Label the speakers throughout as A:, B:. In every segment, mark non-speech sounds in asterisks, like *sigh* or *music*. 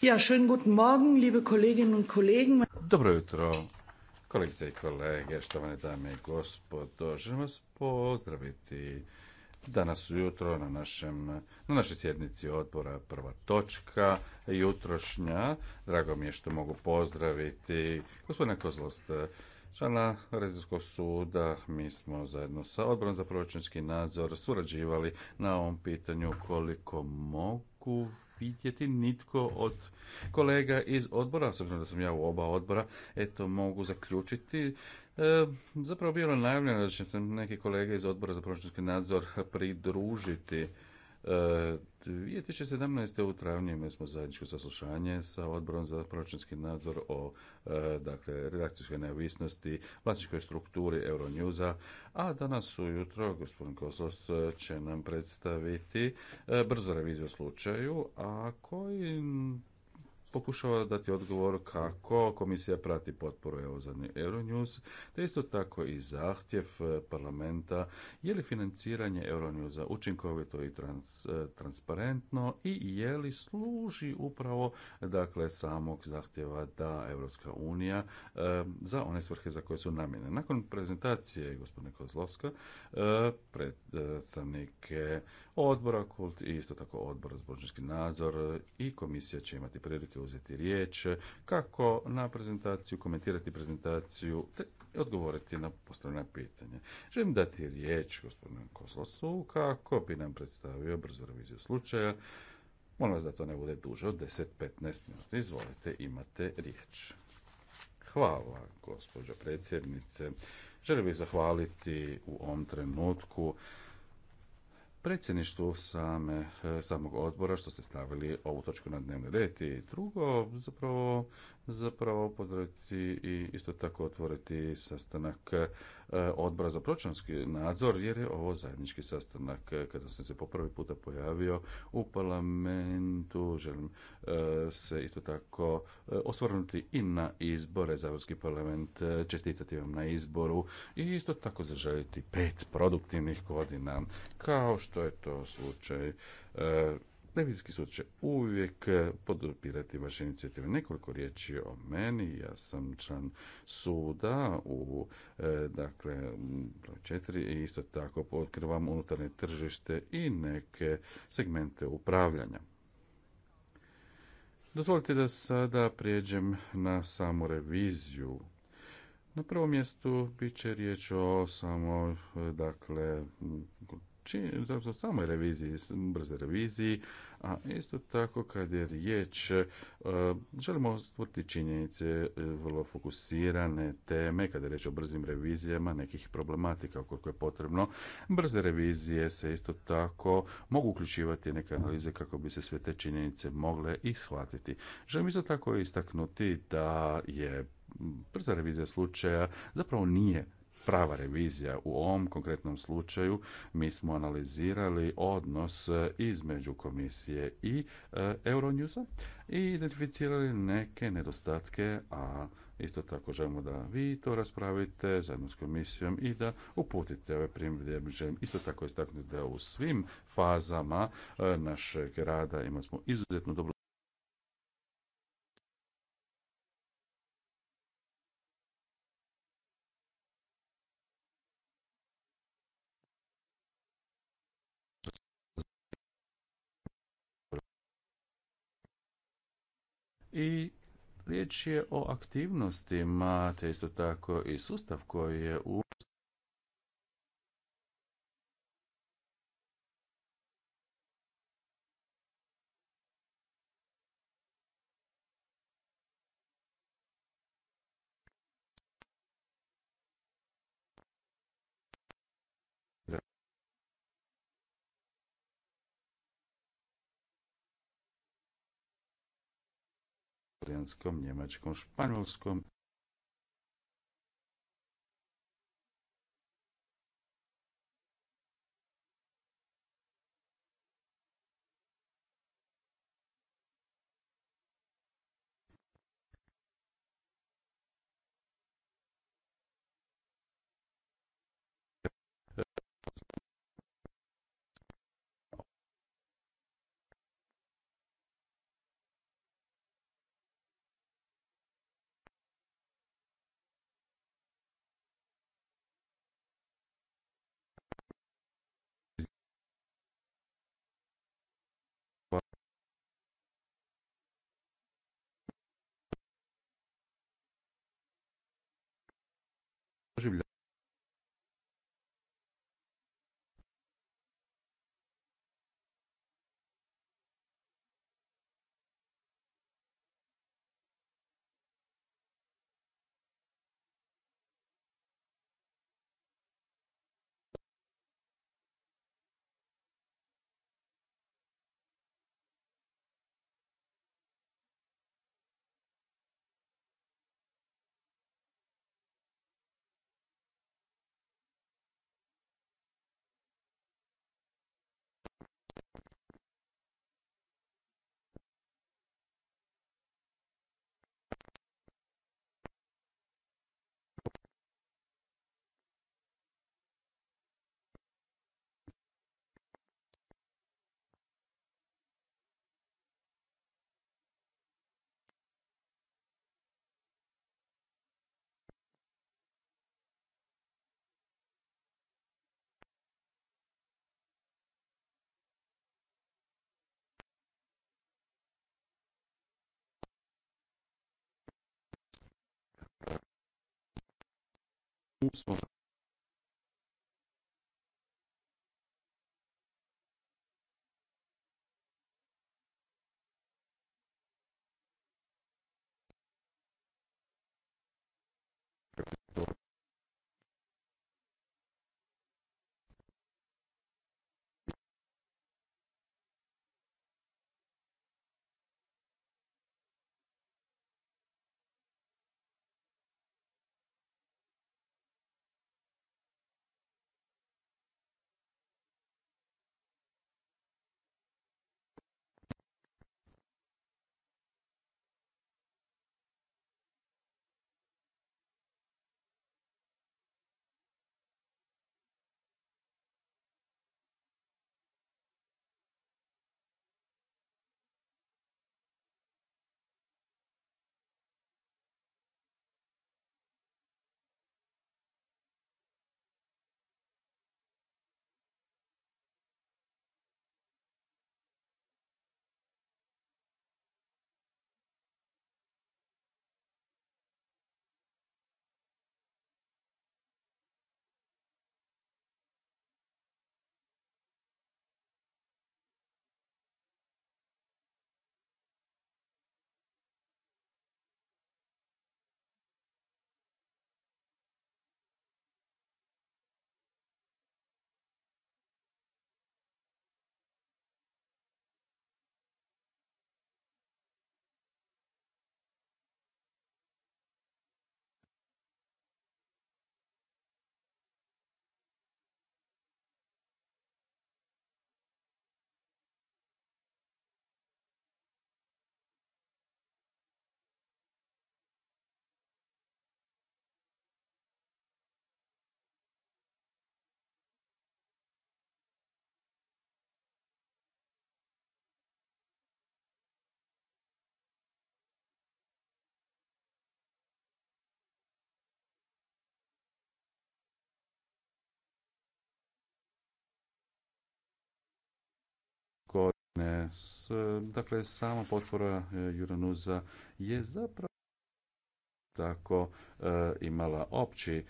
A: Ja, schönen guten Morgen, liebe Kolleginnen und Kollegen.
B: Dobro jutro, kolegice i kolege, štovane dame i gospodo. Želim vas pozdraviti danas ujutro na, našem, na našoj sjednici odbora prva točka jutrošnja. Drago mi je što mogu pozdraviti gospodina Kozlost, člana Rezijskog suda. Mi smo zajedno sa odborom za proračunski nadzor surađivali na ovom pitanju koliko mogu vidjeti nitko od kolega iz odbora, s da sam ja u oba odbora, eto mogu zaključiti E, zapravo bilo najavljeno da će se neki kolege iz odbora za proračunski nadzor pridružiti 2017. E, u travnju imali smo zajedničko saslušanje sa odborom za proračunski nadzor o e, dakle, redakcijskoj neovisnosti, vlasničkoj strukturi Euronewsa, a danas ujutro gospodin Kosos će nam predstaviti e, brzo reviziju slučaju, a koji pokušava dati odgovor kako komisija prati potporu EU za Euronews, te isto tako i zahtjev e, parlamenta je li financiranje Euronewsa učinkovito i e, transparentno i je li služi upravo dakle samog zahtjeva da Europska unija e, za one svrhe za koje su namjene. Nakon prezentacije gospodine Kozlovska, predstavnike odbora Kult i isto tako odbor za nadzor i komisija će imati prilike uzeti riječ, kako na prezentaciju, komentirati prezentaciju, te odgovoriti na postavljena pitanja. Želim dati riječ gospodinu Kozlosu kako bi nam predstavio brzo reviziju slučaja. Molim vas da to ne bude duže od 10-15 minuta. Izvolite, imate riječ. Hvala, gospođo predsjednice. Želim bih zahvaliti u ovom trenutku predsjedništvu same, e, samog odbora što ste stavili ovu točku na dnevni red i drugo zapravo, zapravo pozdraviti i isto tako otvoriti sastanak E, odbora za pročanski nadzor, jer je ovo zajednički sastanak. E, kada sam se po prvi puta pojavio u parlamentu, želim e, se isto tako osvrnuti i na izbore za Europski parlament, čestitati vam na izboru i isto tako zaželiti pet produktivnih godina, kao što je to slučaj Revizijski sud će uvijek eh, podupirati vaše inicijative. Nekoliko riječi o meni. Ja sam član suda u eh, dakle, četiri i isto tako pokrivam unutarnje tržište i neke segmente upravljanja. Dozvolite da sada prijeđem na samu reviziju na prvom mjestu bit će riječ o samo eh, dakle zapravo samoj reviziji, brze reviziji, a isto tako kad je riječ, e, želimo stvoriti činjenice e, vrlo fokusirane teme, kada je riječ o brzim revizijama, nekih problematika koliko je potrebno. Brze revizije se isto tako mogu uključivati neke analize kako bi se sve te činjenice mogle i shvatiti. Želim isto tako istaknuti da je brza revizija slučaja zapravo nije prava revizija. U ovom konkretnom slučaju mi smo analizirali odnos e, između komisije i e, Euronewsa i identificirali neke nedostatke, a Isto tako želimo da vi to raspravite zajedno s komisijom i da uputite ove primjedbe. Želim isto tako istaknuti da u svim fazama e, našeg rada imali smo izuzetno dobro. i riječ je o aktivnostima, te isto tako i sustav koji je u talijanskom, njemačkom, španjolskom življa sont Dakle, sama potpora e, Juranuza je zapravo tako e, imala opći e,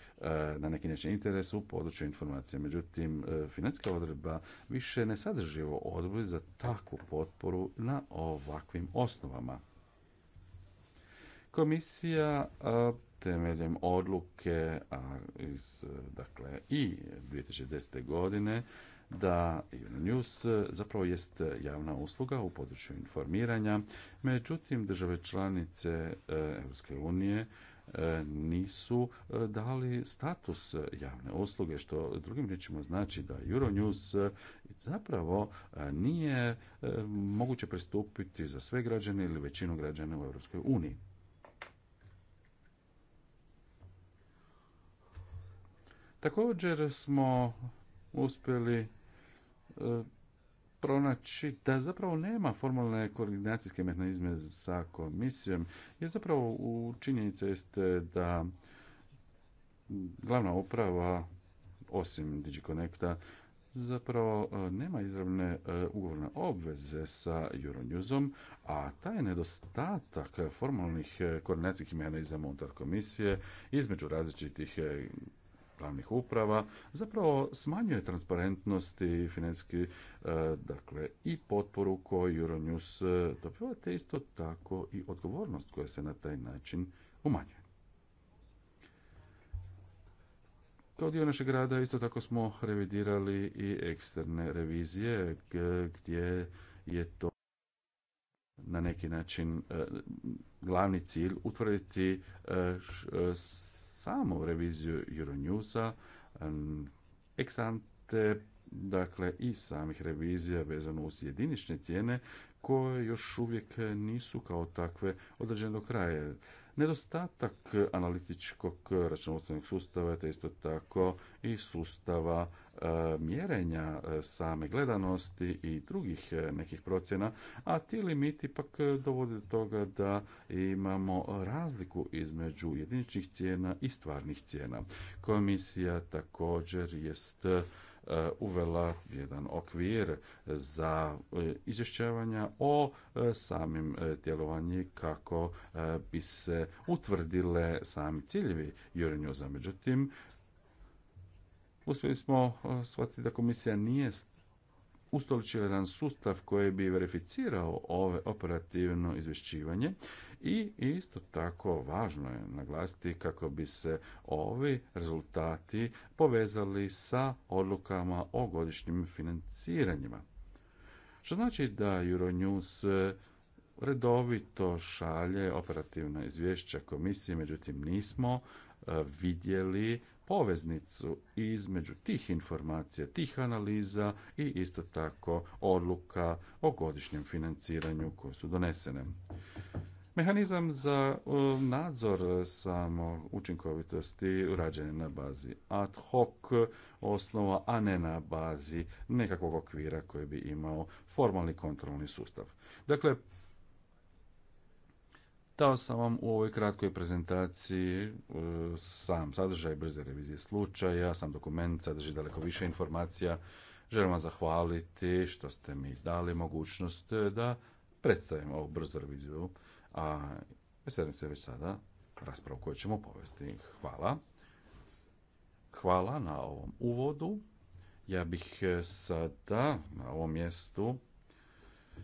B: na neki način interes u području informacije. Međutim, financijska odredba više ne sadrži ovo za takvu potporu na ovakvim osnovama. Komisija temeljem odluke a iz, dakle, i 2010. godine da Euronews e, zapravo jest e, javna usluga u području informiranja, međutim države članice e, Europske unije nisu dali status javne usluge, što drugim riječima znači da Euronews zapravo nije moguće pristupiti za sve građane ili većinu građana u EU. Također smo uspjeli E, pronaći da zapravo nema formalne koordinacijske mehanizme sa komisijom, jer zapravo u činjenica jeste da glavna uprava, osim DigiConnecta, zapravo e, nema izravne e, ugovorne obveze sa Euronewsom, a taj nedostatak formalnih koordinacijskih mehanizama unutar komisije između različitih glavnih uprava zapravo smanjuje transparentnost i financijski e, dakle i potporu koju Euronews e, dobiva, te isto tako i odgovornost koja se na taj način umanjuje. Kao dio našeg rada isto tako smo revidirali i eksterne revizije gdje je to na neki način e, glavni cilj utvrditi samu reviziju Euronewsa, eksante dakle i samih revizija vezano uz jedinične cijene koje još uvijek nisu kao takve određene do kraja. Nedostatak analitičkog računovodstvenog sustava te isto tako i sustava e, mjerenja e, same gledanosti i drugih e, nekih procjena, a ti limiti pak dovode do toga da imamo razliku između jediničnih cijena i stvarnih cijena. Komisija također jest E, uvela jedan okvir za e, izvješćavanja o e, samim djelovanji kako bi se utvrdile sami ciljevi Euronewsa. Međutim, uspjeli smo shvatiti da komisija nije ustoličili jedan sustav koji bi verificirao ove operativno izvješćivanje i isto tako važno je naglasiti kako bi se ovi rezultati povezali sa odlukama o godišnjim financiranjima. Što znači da Euronews redovito šalje operativna izvješća komisije, međutim nismo e, vidjeli poveznicu između tih informacija, tih analiza i isto tako odluka o godišnjem financiranju koje su donesene. Mehanizam za e, nadzor samo učinkovitosti rađen je na bazi ad hoc osnova, a ne na bazi nekakvog okvira koji bi imao formalni kontrolni sustav. Dakle, Dao sam vam u ovoj kratkoj prezentaciji e, sam sadržaj brze revizije slučaja, sam dokument sadrži daleko više informacija. Želim vam zahvaliti što ste mi dali mogućnost e, da predstavim ovu brzu reviziju, a veselim se već sada raspravu koju ćemo povesti. Hvala. Hvala na ovom uvodu. Ja bih e, sada na ovom mjestu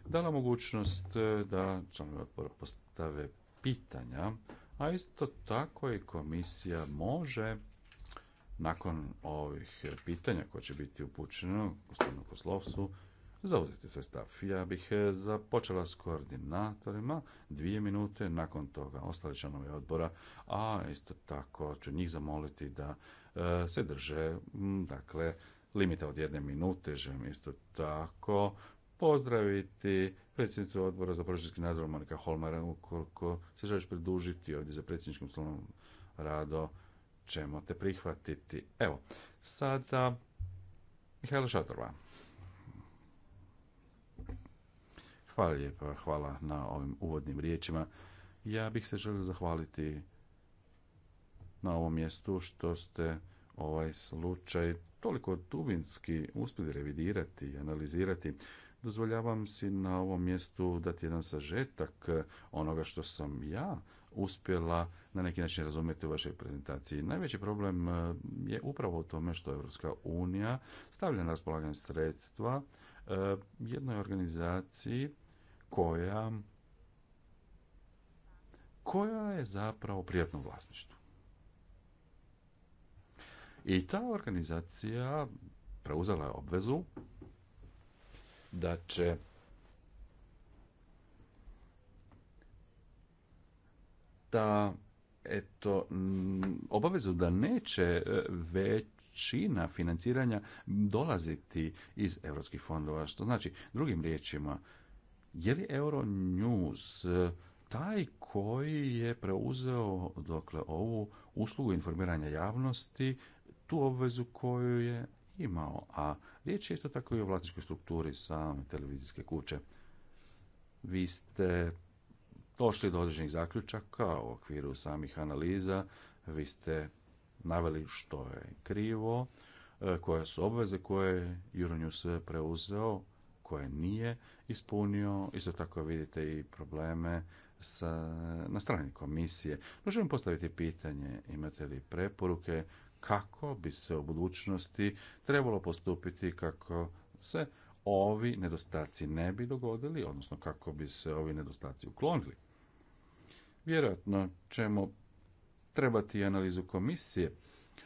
B: dala mogućnost da članovi odbora postave pitanja, a isto tako i komisija može nakon ovih pitanja koje će biti upućeno gospodinu Poslovsu, zauzeti sve stav. Ja bih e, započela s koordinatorima dvije minute, nakon toga ostali članovi odbora, a isto tako ću njih zamoliti da e, se drže, dakle, limita od jedne minute. Želim isto tako pozdraviti predsjednicu odbora za proračunski nadzor Monika Holmara ukoliko se želiš pridužiti ovdje za predsjedničkim slovom rado ćemo te prihvatiti. Evo, sada Mihajla Šatorva. Hvala lijepa, hvala na ovim uvodnim riječima. Ja bih se želio zahvaliti na ovom mjestu što ste ovaj slučaj toliko dubinski uspjeli revidirati i analizirati. Dozvoljavam si na ovom mjestu dati jedan sažetak eh, onoga što sam ja uspjela na neki način razumjeti u vašoj prezentaciji. Najveći problem eh, je upravo u tome što Europska unija stavlja na raspolaganje sredstva eh, jednoj organizaciji koja koja je zapravo privatno vlasništvo. I ta organizacija preuzela je obvezu da će da eto mm, obavezu da neće e, većina financiranja dolaziti iz europskih fondova što znači drugim riječima je li Euronews e, taj koji je preuzeo dokle ovu uslugu informiranja javnosti tu obvezu koju je imao, a riječ je isto tako i o vlasničkoj strukturi same televizijske kuće. Vi ste došli do određenih zaključaka u okviru samih analiza, vi ste naveli što je krivo, e, koje su obveze koje je Euronews preuzeo, koje nije ispunio, isto tako vidite i probleme sa, na strani komisije. Možemo postaviti pitanje, imate li preporuke kako bi se u budućnosti trebalo postupiti kako se ovi nedostaci ne bi dogodili, odnosno kako bi se ovi nedostaci uklonili. Vjerojatno ćemo trebati analizu komisije,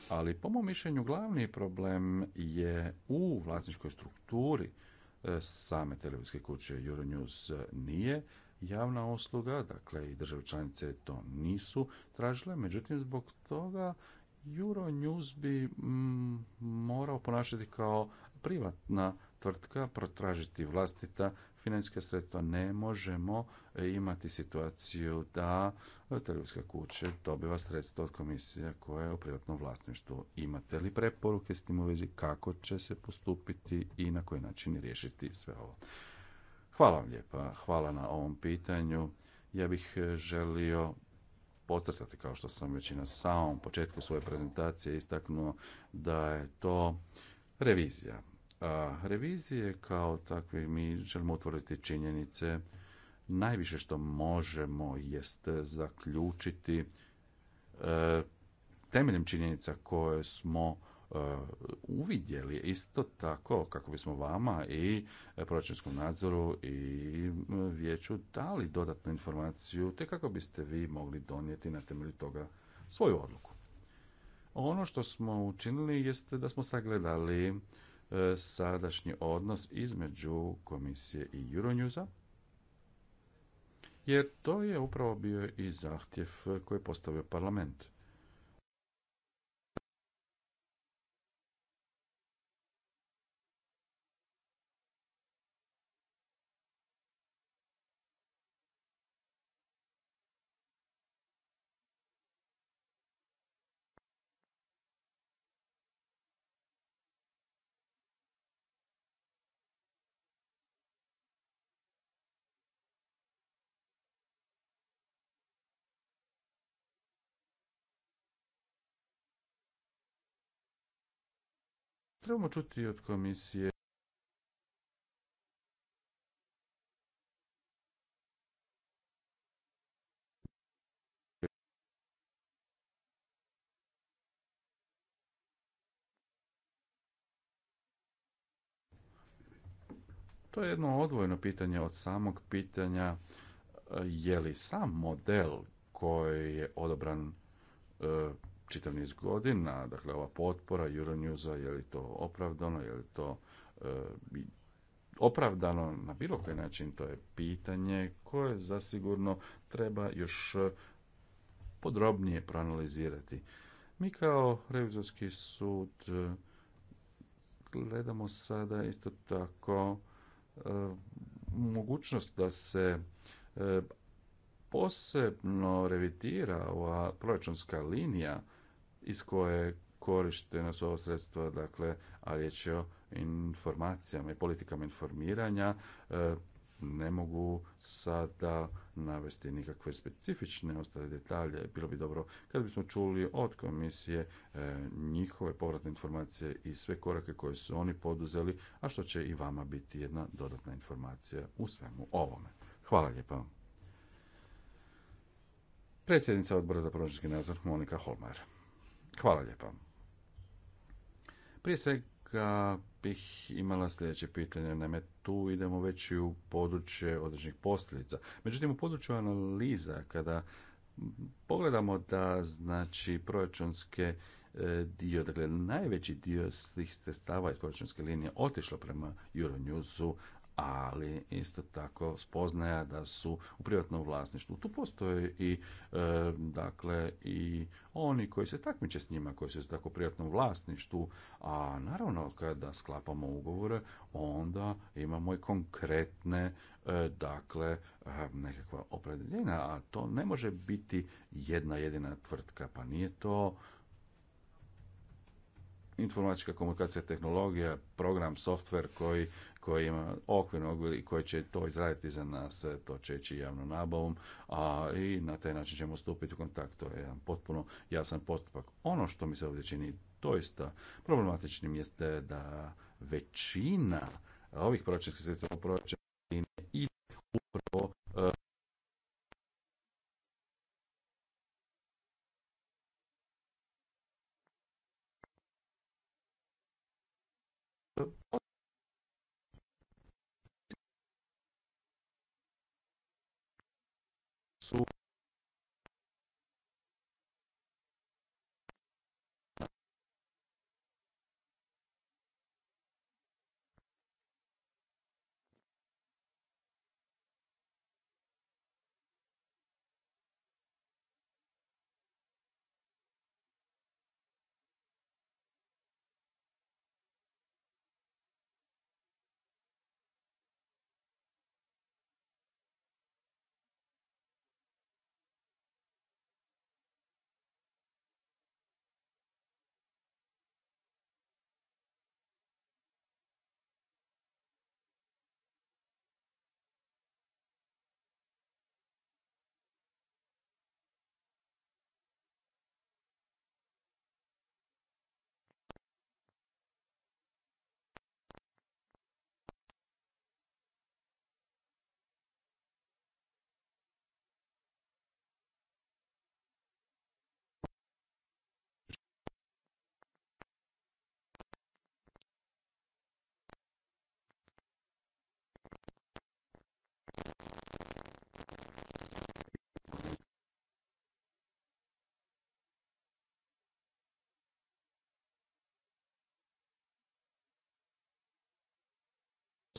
B: ali po mom mišljenju glavni problem je u vlasničkoj strukturi e, same televizijske kuće Euronews nije javna usluga, dakle i države članice to nisu tražile, međutim zbog toga Euronews bi mm, morao ponašati kao privatna tvrtka, protražiti vlastita financijska sredstva. Ne možemo imati situaciju da televizijska kuća dobiva sredstva od komisije koja je u privatnom vlasništvu. Imate li preporuke s tim u vezi kako će se postupiti i na koji način riješiti sve ovo? Hvala vam lijepa, hvala na ovom pitanju. Ja bih želio podcrtati kao što sam već i na samom početku svoje prezentacije istaknuo da je to revizija. A revizije kao takve mi želimo utvrditi činjenice. Najviše što možemo jest zaključiti e, temeljem činjenica koje smo E, uvidjeli isto tako kako bismo vama i proračunskom nadzoru i vijeću dali dodatnu informaciju te kako biste vi mogli donijeti na temelju toga svoju odluku. Ono što smo učinili jeste da smo sagledali e, sadašnji odnos između komisije i Euronewsa, jer to je upravo bio i zahtjev koji je postavio parlament. Trebamo čuti od komisije To je jedno odvojeno pitanje od samog pitanja e, je li sam model koji je odobran e, čitav niz godina, dakle ova potpora Euronewsa, je li to opravdano, je li to e, opravdano na bilo koji način, to je pitanje koje zasigurno treba još podrobnije proanalizirati. Mi kao revizorski sud e, gledamo sada isto tako e, mogućnost da se e, posebno revitira ova proračunska linija iz koje korištena su ova sredstva, dakle, a riječ je o informacijama i politikama informiranja, e, ne mogu sada navesti nikakve specifične ostale detalje. Bilo bi dobro kad bismo čuli od komisije e, njihove povratne informacije i sve korake koje su oni poduzeli, a što će i vama biti jedna dodatna informacija u svemu ovome. Hvala lijepa. Predsjednica odbora za proračunski nadzor Monika Holmar. Hvala lijepa. Prije svega bih imala sljedeće pitanje. Naime, tu idemo već i u područje određenih posljedica. Međutim, u području analiza, kada pogledamo da znači proračunske e, dio, dakle najveći dio svih sredstava iz proračunske linije otišlo prema Euronewsu, ali isto tako spoznaja da su u privatnom vlasništvu. Tu postoje i e, dakle i oni koji se takmiče s njima, koji su tako u privatnom vlasništvu, a naravno kada sklapamo ugovore, onda imamo i konkretne e, dakle e, nekakva opredeljenja, a to ne može biti jedna jedina tvrtka, pa nije to informatička komunikacija, tehnologija, program, software koji koji ima okvirno okvir i će to izraditi za nas, to će ići javnom nabavom, a i na taj način ćemo stupiti u kontakt. To je jedan potpuno jasan postupak. Ono što mi se ovdje čini doista problematičnim jeste da većina ovih proračunskih sredstva proračuna ide upravo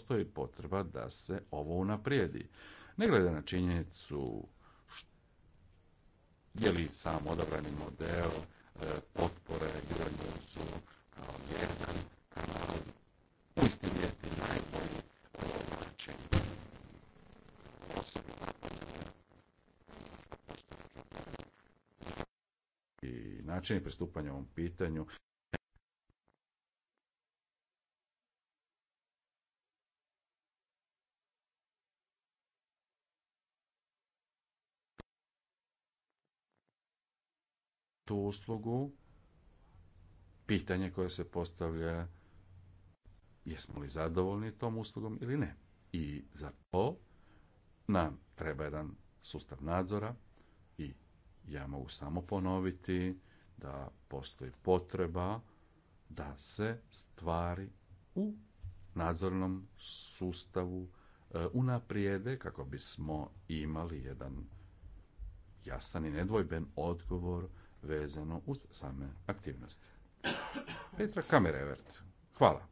B: postoji potreba da se ovo unaprijedi. Ne gleda na činjenicu je li sam odabrani model e, potpore Euronewsu kao jedan kanal
C: u istim najbolji e, način
B: i načini pristupanja ovom pitanju tu uslugu, pitanje koje se postavlja jesmo li zadovoljni tom uslugom ili ne. I za to nam treba jedan sustav nadzora i ja mogu samo ponoviti da postoji potreba da se stvari u nadzornom sustavu e, unaprijede kako bismo imali jedan jasan i nedvojben odgovor vezano uz same aktivnosti. Petra Kamerevert, hvala.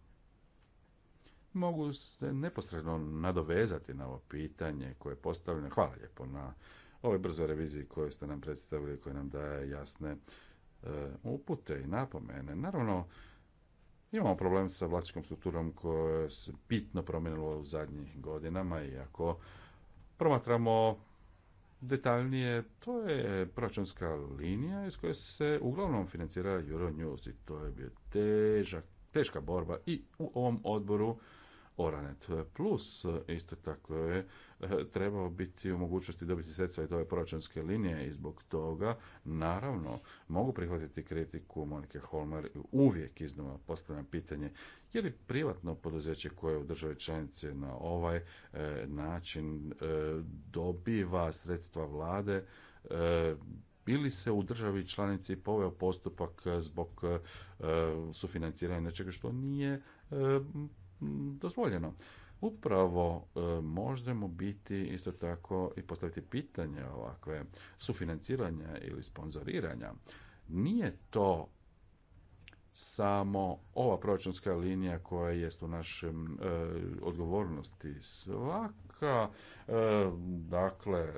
B: Mogu se neposredno nadovezati na ovo pitanje koje je postavljeno. Hvala lijepo na ovoj brzoj reviziji koju ste nam predstavili, koja nam daje jasne e, upute i napomene. Naravno, Imamo problem sa vlasničkom strukturom koja se bitno promijenila u zadnjih godinama i ako promatramo detaljnije, to je proračunska linija iz koje se uglavnom financira News i to je bio težak, teška borba i u ovom odboru Oranet Plus. Isto tako je E, trebao biti u mogućnosti dobiti sredstva i ove proračunske linije i zbog toga naravno mogu prihvatiti kritiku Monike Holmer uvijek iznova postavljam pitanje je li privatno poduzeće koje u državi članice na ovaj e, način e, dobiva sredstva vlade ili se u državi članici poveo postupak zbog sufinanciranja nečega što nije dozvoljeno upravo e, možemo biti isto tako i postaviti pitanje ovakve sufinanciranja ili sponzoriranja. Nije to samo ova proračunska linija koja jest u našem e, odgovornosti svaka e, dakle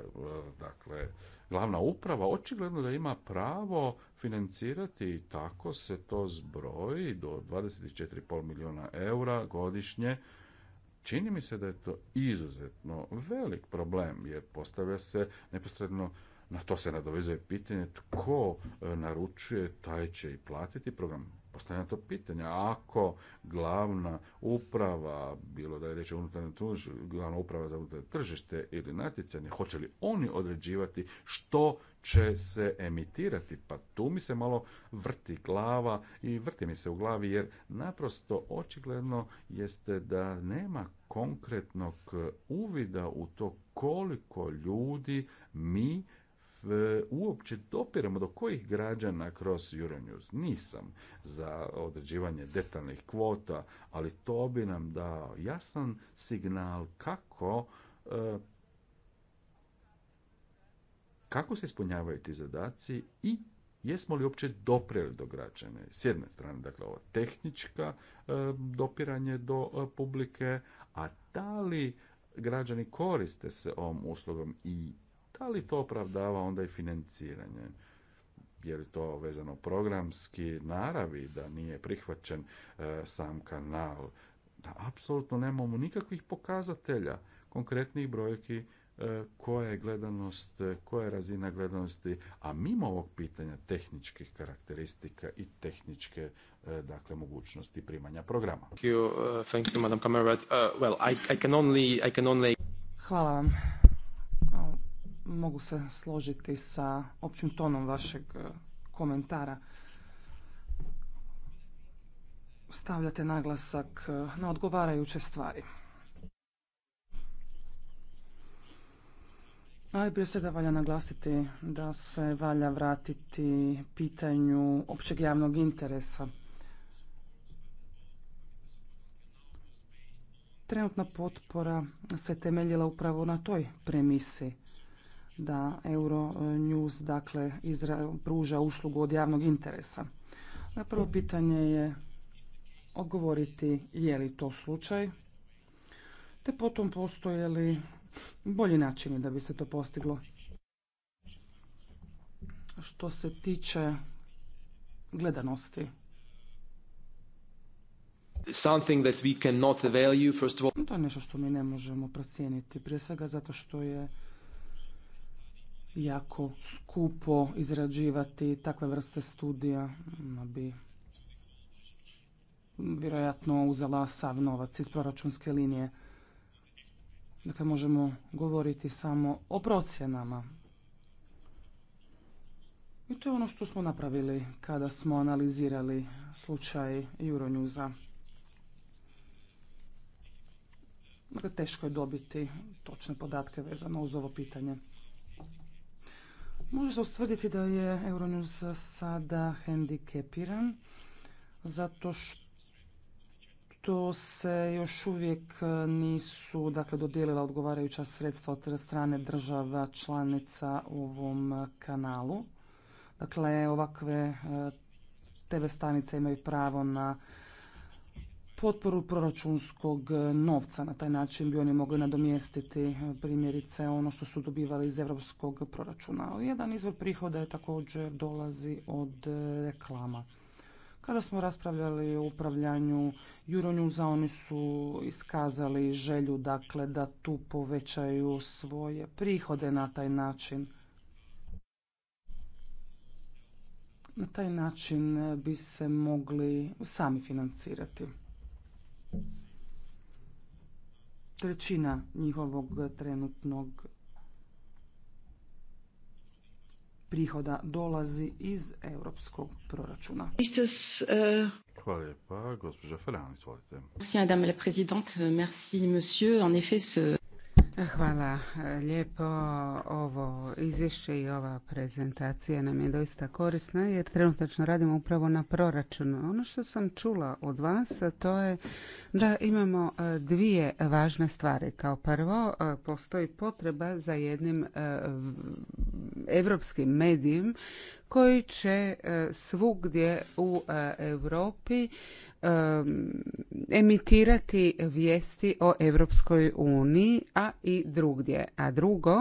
B: dakle glavna uprava očigledno da ima pravo financirati i tako se to zbroji do 24,5 milijuna eura godišnje Čini mi se da je to izuzetno velik problem, jer postavlja se neposredno na to se nadovezuje pitanje tko e, naručuje, taj će i platiti program postavljam to pitanje. Ako glavna uprava, bilo da je riječ o unutarnjem glavna uprava za unutarnje tržište ili natjecanje, hoće li oni određivati što će se emitirati? Pa tu mi se malo vrti glava i vrti mi se u glavi jer naprosto očigledno jeste da nema konkretnog uvida u to koliko ljudi mi E, uopće dopiremo do kojih građana kroz Euronews. Nisam za određivanje detaljnih kvota, ali to bi nam dao jasan signal kako e, kako se ispunjavaju ti zadaci i jesmo li uopće dopreli do građane. S jedne strane, dakle, ovo tehnička e, dopiranje do publike, a da li građani koriste se ovom uslugom i ali to opravdava onda i financiranje je li to vezano programski naravi da nije prihvaćen e, sam kanal da apsolutno nemamo nikakvih pokazatelja konkretnih brojki e, koja je gledanost, koja je razina gledanosti, a mimo ovog pitanja tehničkih karakteristika i tehničke e, dakle mogućnosti primanja programa.
C: Hvala vam mogu se složiti sa općim tonom vašeg e, komentara. Stavljate naglasak e, na odgovarajuće stvari. Ali prije svega valja naglasiti da se valja vratiti pitanju općeg javnog interesa. Trenutna potpora se temeljila upravo na toj premisi – da Euronews dakle izra, pruža uslugu od javnog interesa. Na prvo pitanje je odgovoriti je li to slučaj, te potom postoje li bolji načini da bi se to postiglo. Što se tiče gledanosti, something that we cannot first of all. To je nešto što mi ne možemo procijeniti, prije svega zato što je jako skupo izrađivati takve vrste studija. Ona bi vjerojatno uzela sav novac iz proračunske linije. Dakle, možemo govoriti samo o procjenama. I to je ono što smo napravili kada smo analizirali slučaj euronjuza. Dakle, teško je dobiti točne podatke vezano uz ovo pitanje. Može se ustvrditi da je Euronews sada hendikepiran zato što se još uvijek nisu dakle, dodijelila odgovarajuća sredstva od strane država članica u ovom kanalu. Dakle, ovakve e, TV stanice imaju pravo na potporu proračunskog e, novca. Na taj način bi oni mogli nadomjestiti e, primjerice ono što su dobivali iz europskog proračuna. jedan izvor prihoda je također dolazi od e, reklama. Kada smo raspravljali o upravljanju Euronewsa, oni su iskazali želju dakle, da tu povećaju svoje prihode na taj način. Na taj način bi se mogli sami financirati trećina njihovog trenutnog prihoda dolazi iz europskog proračuna.
B: Hvala lijepa, gospođa Ferran, izvolite.
A: Madame la Présidente, merci monsieur. En effet, ce... Hvala lijepo. Ovo izvješće i ova prezentacija nam je doista korisna jer trenutno radimo upravo na proračunu. Ono što sam čula od vas to je da imamo e, dvije važne stvari. Kao prvo, e, postoji potreba za jednim e, evropskim medijem koji će svugdje u Europi emitirati vijesti o Europskoj uniji, a i drugdje. A drugo,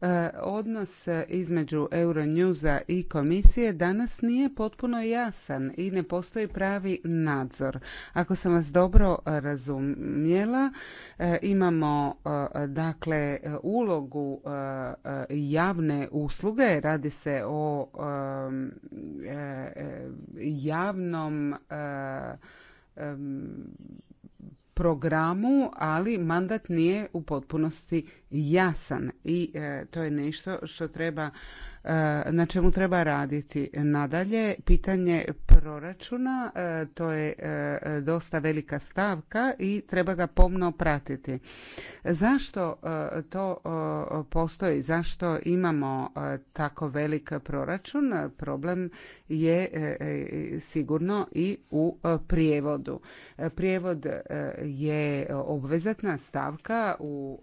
A: E, odnos između Euronewsa i komisije danas nije potpuno jasan i ne postoji pravi nadzor. Ako sam vas dobro razumjela, e, imamo e, dakle ulogu javne usluge, radi se o javnom programu, ali mandat nije u potpunosti jasan i e, to je nešto što treba E, na čemu treba raditi. Nadalje, pitanje proračuna, e, to je e, dosta velika stavka i treba ga pomno pratiti. Zašto to postoji? Zašto imamo tako velik proračun? Problem je sigurno i u prijevodu. Prijevod je obvezatna stavka u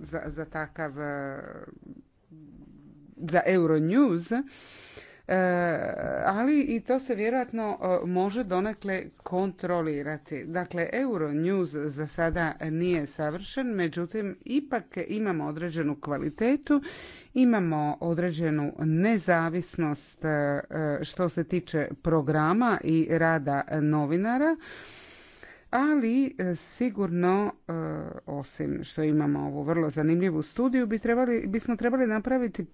A: za, za takav za Euronews, e, ali i to se vjerojatno e, može donekle kontrolirati. Dakle, Euronews za sada nije savršen, međutim, ipak imamo određenu kvalitetu, imamo određenu nezavisnost e, što se tiče programa i rada novinara, ali sigurno osim što imamo ovu vrlo zanimljivu studiju bi trebali, bismo trebali napraviti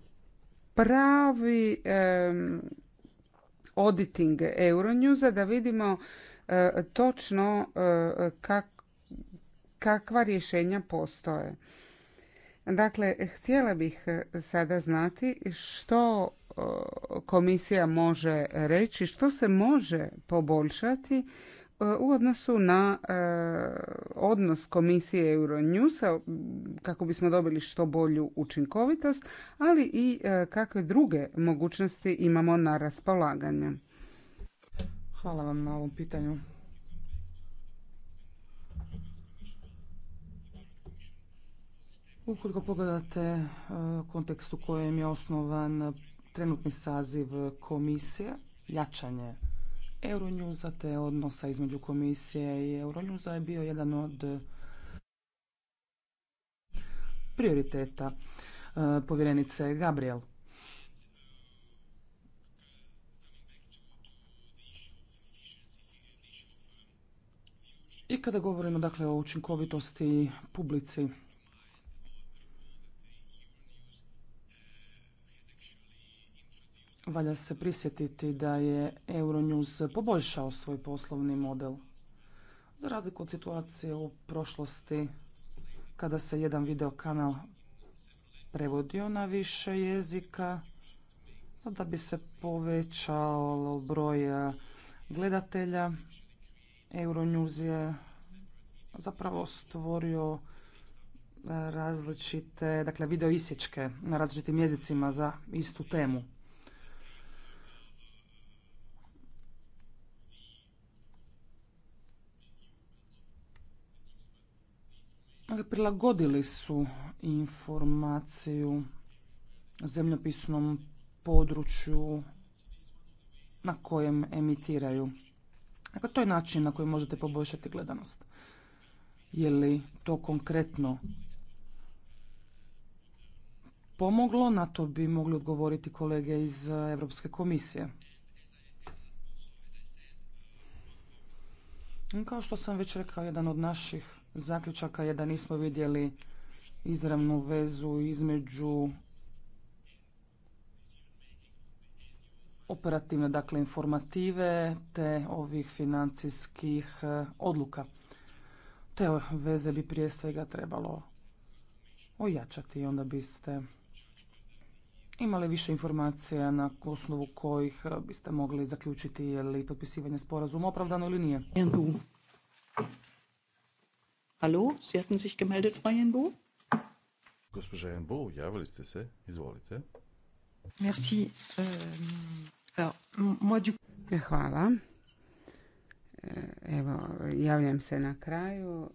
A: pravi auditing Euronewsa da vidimo e, točno e, kakva rješenja postoje. Dakle, htjela bih e, sada znati što komisija može reći, što se može poboljšati E, u odnosu na e, odnos komisije Euronewsa kako bismo dobili što bolju učinkovitost, ali i e, kakve druge mogućnosti imamo na raspolaganju. Hvala vam na ovom pitanju.
C: Ukoliko pogledate kontekst u kojem je osnovan trenutni saziv komisije, jačanje Euronjuza te odnosa između komisije i Euronjuza je bio jedan od e, prioriteta e, povjerenice Gabriel. I kada govorimo dakle o učinkovitosti publici Valja se prisjetiti da je Euronews poboljšao svoj poslovni model. Za razliku od situacije u prošlosti, kada se jedan video kanal prevodio na više jezika, da bi se povećao broj e, gledatelja, Euronews je zapravo stvorio e, različite, dakle video isječke na različitim jezicima za istu temu. prilagodili su informaciju zemljopisnom području na kojem emitiraju. Dakle, to je način na koji možete poboljšati gledanost. Je li to konkretno pomoglo? Na to bi mogli odgovoriti kolege iz Europske komisije. Kao što sam već rekao, jedan od naših zaključaka je da nismo vidjeli izravnu vezu između operativne, dakle informative, te ovih financijskih e, odluka. Te veze bi prije svega trebalo ojačati i onda biste imali više informacija na osnovu kojih e, biste mogli zaključiti je li potpisivanje sporazuma opravdano ili nije. Halo, Sie hatten sich gemeldet, Frau Jenbo? Gospođa
B: Jenbo, javili ste se, izvolite.
A: Merci. Euh, hvala. Eh, evo, javljam se na kraju.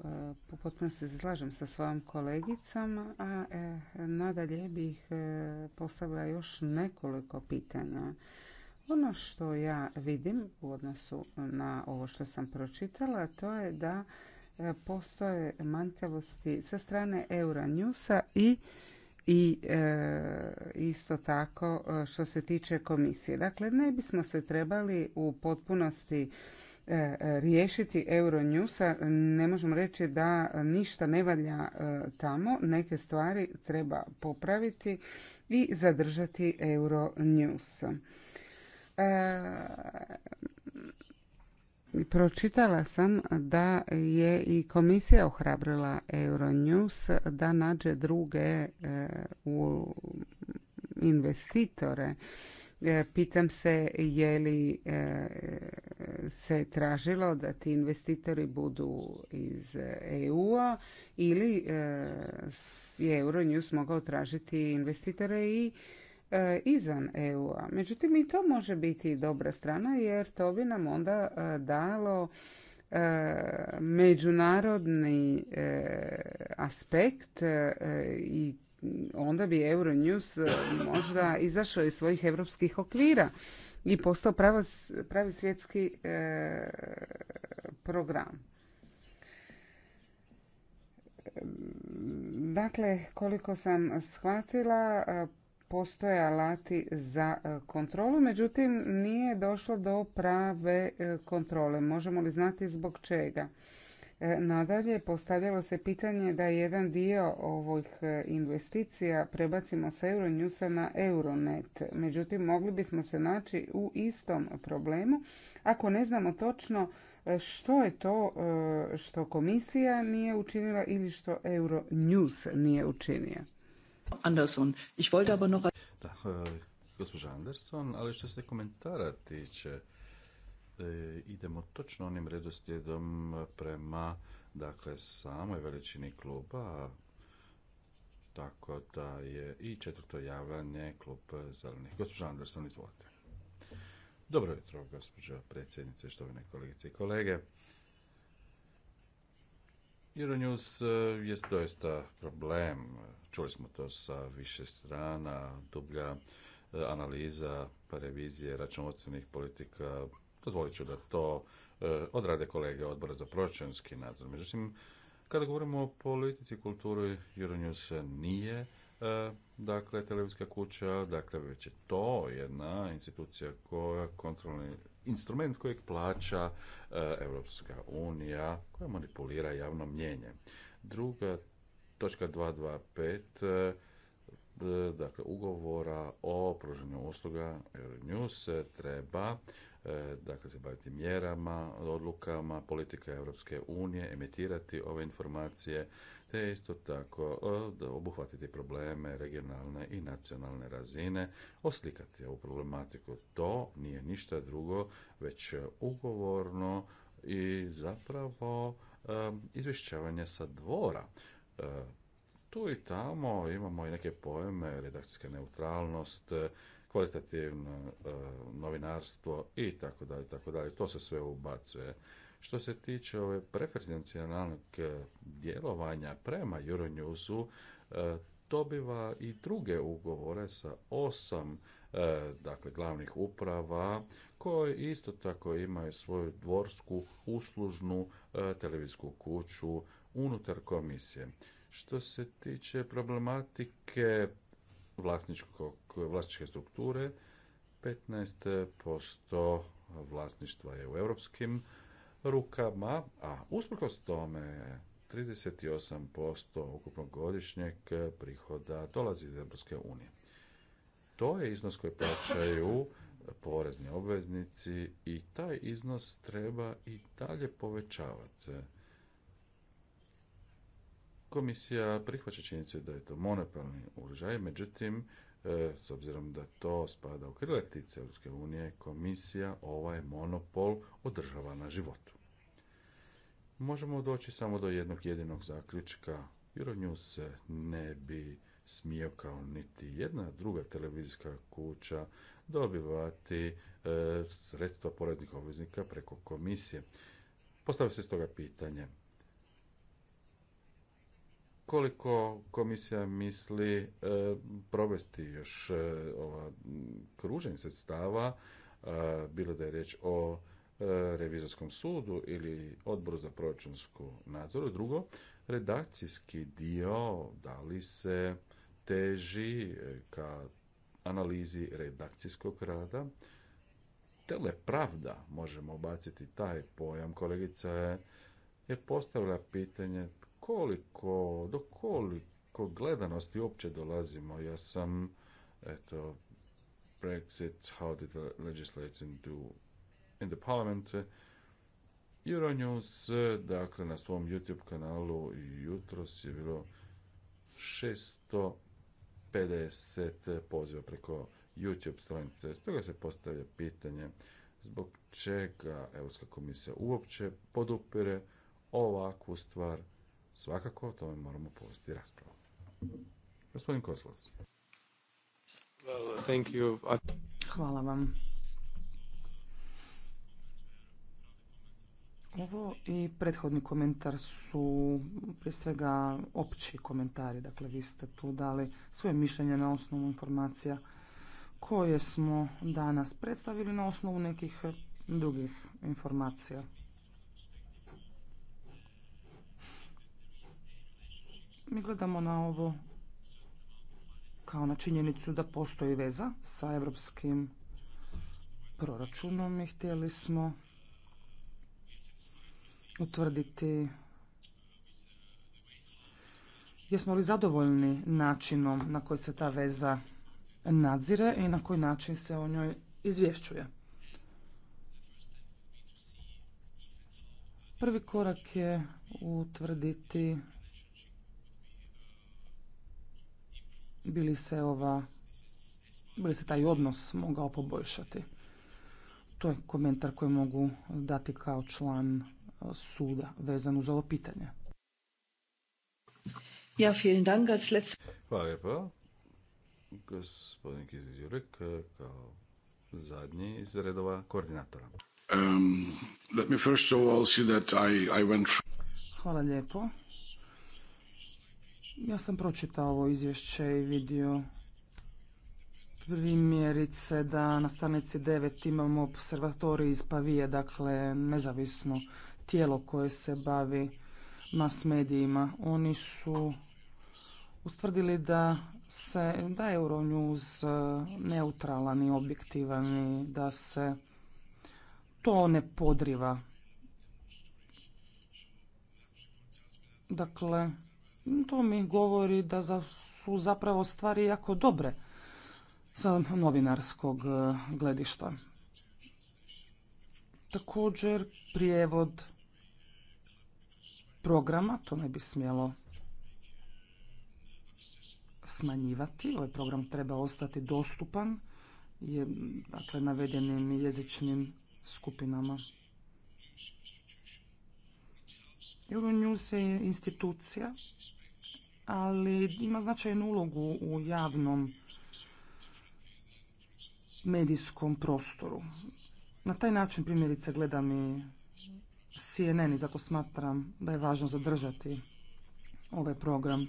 A: Eh, potpuno se slažem sa svojom kolegicom, a eh, nadalje bih postavila još nekoliko pitanja. Ono što ja vidim u odnosu na ovo što sam pročitala, to je da postoje manjkavosti sa strane Euronewsa i i e, isto tako e, što se tiče komisije. Dakle, ne bismo se trebali u potpunosti e, riješiti Euronewsa. Ne možemo reći da ništa ne valja tamo. Neke stvari treba popraviti i zadržati Euronews. Pročitala sam da je i komisija ohrabrila Euronews da nađe druge e, u investitore. E, pitam se je li e, se tražilo da ti investitori budu iz EU-a ili je Euronews mogao tražiti investitore i E, izvan EU-a. Međutim, i to može biti dobra strana jer to bi nam onda e, dalo e, međunarodni aspekt i onda bi Euronews možda izašao iz svojih europskih okvira i postao pravi svjetski program. Dakle, koliko sam shvatila, postoje alati za e, kontrolu, međutim nije došlo do prave e, kontrole. Možemo li znati zbog čega? E, nadalje, postavljalo se pitanje da jedan dio ovih investicija prebacimo s Euronewsa na Euronet. Međutim, mogli bismo se naći u istom problemu ako ne znamo točno što je to što komisija nije učinila ili što Euronews nije učinio.
B: Anderson. Ich wollte aber Da, eh, gospođa Anderson, ali što se komentara tiče, eh, idemo točno onim redoslijedom eh, prema dakle samoj veličini kluba, tako da je i četvrto javljanje klub zelenih. Gospođa Anderson, izvolite. Dobro jutro, gospođo predsjednice, štovine kolegice i kolege. Euronews e, je doista problem. Čuli smo to sa više strana, dublja e, analiza, pa revizije računovodstvenih politika. Dozvolit ću da to e, odrade kolege odbora za proračunski nadzor. Međutim, kada govorimo o politici i kulturi, Euronews nije dakle televizijska kuća, dakle već je to jedna institucija koja kontrolni instrument kojeg plaća Europska unija koja manipulira javno mnjenje. Druga točka 225 e, dakle, ugovora o pružanju usluga Euronews e, treba E, dakle se baviti mjerama, odlukama, politika Europske unije, emitirati ove informacije, te isto tako e, obuhvatiti probleme regionalne i nacionalne razine, oslikati ovu problematiku. To nije ništa drugo, već ugovorno i zapravo e, izvješćavanje sa dvora. Tu i tamo imamo i neke pojme, redakcijska neutralnost, kvalitativno e, novinarstvo i tako dalje, tako dalje. To se sve ubacuje. Što se tiče ove preferencijalnog e, djelovanja prema Euronewsu, e, dobiva i druge ugovore sa osam dakle, glavnih uprava koje isto tako imaju svoju dvorsku uslužnu televizijsku kuću unutar komisije. Što se tiče problematike vlasničke strukture, 15% vlasništva je u europskim rukama, a usprkos tome 38% ukupnog godišnjeg prihoda dolazi iz Europske unije. To je iznos koji plaćaju porezni obveznici i taj iznos treba i dalje povećavati. Komisija prihvaća činjenicu da je to monopolni uređaj, međutim, e, s obzirom da to spada u krilatice Europske unije, komisija ovaj monopol održava na životu. Možemo doći samo do jednog jedinog zaključka. Euronews se ne bi smio kao niti jedna druga televizijska kuća dobivati e, sredstva poreznih obveznika preko komisije. Postavlja se stoga pitanje koliko komisija misli e, provesti još e, ova kruženje sredstava, e, bilo da je riječ o revizorskom sudu ili odboru za proračunsku nadzoru. Drugo, redakcijski dio, da li se teži ka analizi redakcijskog rada, telepravda, možemo baciti taj pojam, kolegica je, je postavila pitanje koliko, do koliko gledanosti uopće dolazimo. Ja sam, eto, Brexit, how did the legislation do in the parliament, Euronews, dakle, na svom YouTube kanalu jutros je bilo 650 poziva preko YouTube stranice. Stoga se postavlja pitanje zbog čega Europska komisija uopće podupire ovakvu stvar Svakako o tome moramo povesti raspravu. Gospodin
C: Koslas. Hvala vam. Ovo i prethodni komentar su prije svega opći komentari. Dakle, vi ste tu dali svoje mišljenje na osnovu informacija koje smo danas predstavili na osnovu nekih drugih informacija. Mi gledamo na ovo kao na činjenicu da postoji veza sa evropskim proračunom i htjeli smo utvrditi jesmo li zadovoljni načinom na koji se ta veza nadzire i na koji način se o njoj izvješćuje. Prvi korak je utvrditi bili se ova se taj odnos mogao poboljšati. To je komentar koji mogu dati kao član e, suda vezan uz ovo pitanje. Ja, vielen Dank als
B: Hvala lijepo. Gospodin e, kao zadnji iz redova koordinatora.
C: Hvala lijepo. Ja sam pročitao ovo izvješće i vidio primjerice da na stranici 9 imamo observatorij iz Pavije, dakle nezavisno tijelo koje se bavi mas medijima. Oni su ustvrdili da se da je Euronews e, neutralan i objektivan i da se to ne podriva. Dakle, to mi govori da su zapravo stvari jako dobre sa novinarskog e, gledišta. Također prijevod programa, to ne bi smjelo smanjivati. Ovaj program treba ostati dostupan je, dakle, navedenim jezičnim skupinama. Euronews je institucija, ali ima značajnu ulogu u javnom medijskom prostoru. Na taj način primjerice gledam i CNN i zato smatram da je važno zadržati ovaj program.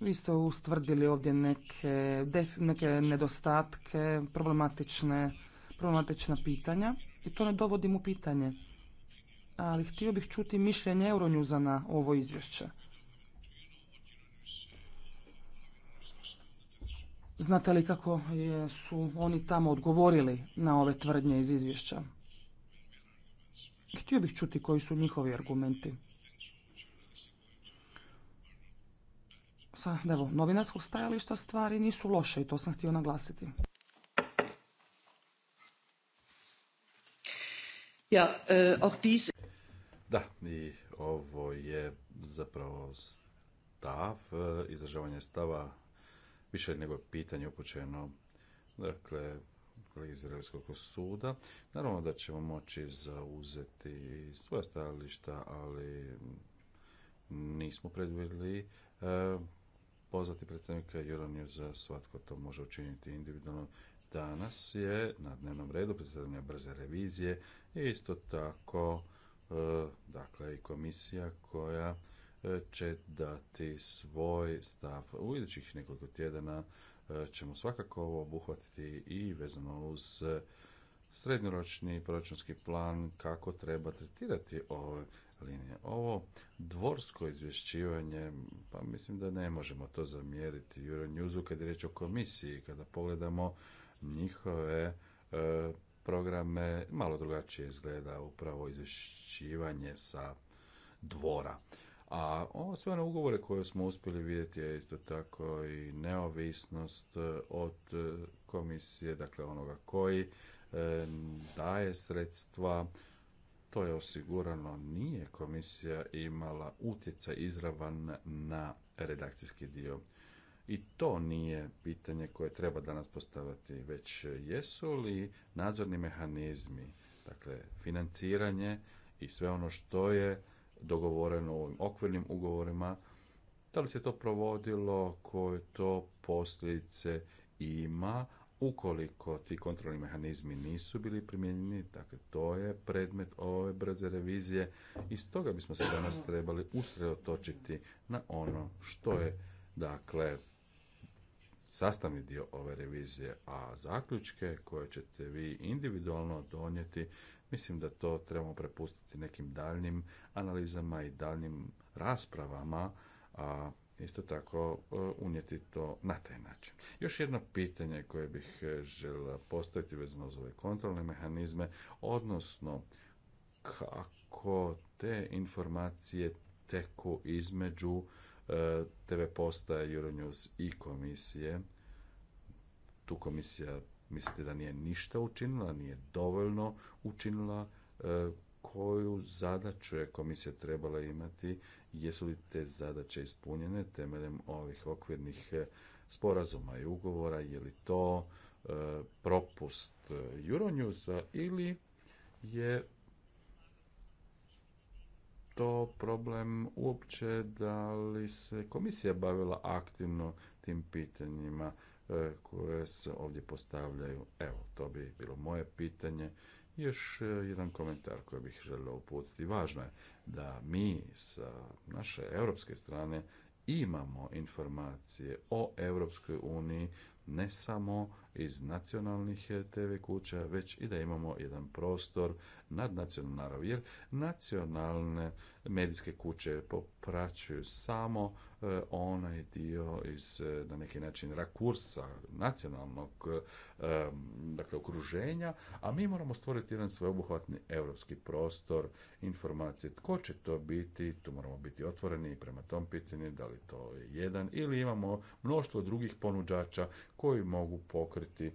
C: Vi ste ustvrdili ovdje neke, neke nedostatke, problematične, problematična pitanja i to ne dovodim u pitanje ali htio bih čuti mišljenje Euronjuza na ovo izvješće. Znate li kako su oni tamo odgovorili na ove tvrdnje iz izvješća? Htio bih čuti koji su njihovi argumenti. Sa evo, novinarskog stajališta stvari nisu loše i to sam htio naglasiti. Ja, eh, auch dies
B: da, i ovo je zapravo stav, e, izražavanje stava, više nego pitanje upućeno, dakle, Izraelskog suda. Naravno da ćemo moći zauzeti svoja stajališta, ali nismo predvidjeli e, pozvati predstavnika za svatko to može učiniti individualno. Danas je na dnevnom redu predstavljanja brze revizije i isto tako E, dakle i komisija koja e, će dati svoj stav u idućih nekoliko tjedana e, ćemo svakako ovo obuhvatiti i vezano uz srednjoročni proračunski plan kako treba tretirati ove linije. Ovo dvorsko izvješćivanje, pa mislim da ne možemo to zamjeriti Euronewsu kad je riječ o komisiji, kada pogledamo njihove programe malo drugačije izgleda upravo izvješćivanje sa dvora. A ovo sve one ugovore koje smo uspjeli vidjeti je isto tako i neovisnost e, od e, komisije, dakle onoga koji e, daje sredstva, to je osigurano, nije komisija imala utjecaj izravan na redakcijski dio i to nije pitanje koje treba danas postaviti, već jesu li nadzorni mehanizmi, dakle financiranje i sve ono što je dogovoreno u ovim okvirnim ugovorima, da li se to provodilo, koje to posljedice ima, ukoliko ti kontrolni mehanizmi nisu bili primijenjeni, dakle to je predmet ove brze revizije i stoga bismo se danas trebali usredotočiti na ono što je dakle sastavni dio ove revizije, a zaključke koje ćete vi individualno donijeti, mislim da to trebamo prepustiti nekim daljnim analizama i daljnim raspravama, a isto tako e, unijeti to na taj način. Još jedno pitanje koje bih e, želio postaviti vezano za ove kontrolne mehanizme, odnosno kako te informacije teku između E, TV postaje Euronews i komisije. Tu komisija mislite da nije ništa učinila, nije dovoljno učinila e, koju zadaću je komisija trebala imati, jesu li te zadaće ispunjene temeljem ovih okvirnih e, sporazuma i ugovora, je li to propust Euronewsa ili je to problem uopće da li se komisija bavila aktivno tim pitanjima e, koje se ovdje postavljaju. Evo, to bi bilo moje pitanje. Još e, jedan komentar koji bih želio uputiti. Važno je da mi sa naše europske strane imamo informacije o Europskoj uniji ne samo iz nacionalnih TV kuća, već i da imamo jedan prostor nadnacionalnu jer nacionalne medijske kuće popraćuju samo E, onaj dio iz e, na neki način rakursa nacionalnog e, dakle okruženja, a mi moramo stvoriti jedan sveobuhvatni europski prostor informacije. Tko će to biti? Tu moramo biti otvoreni prema tom pitanju, da li to je jedan ili imamo mnoštvo drugih ponuđača koji mogu pokriti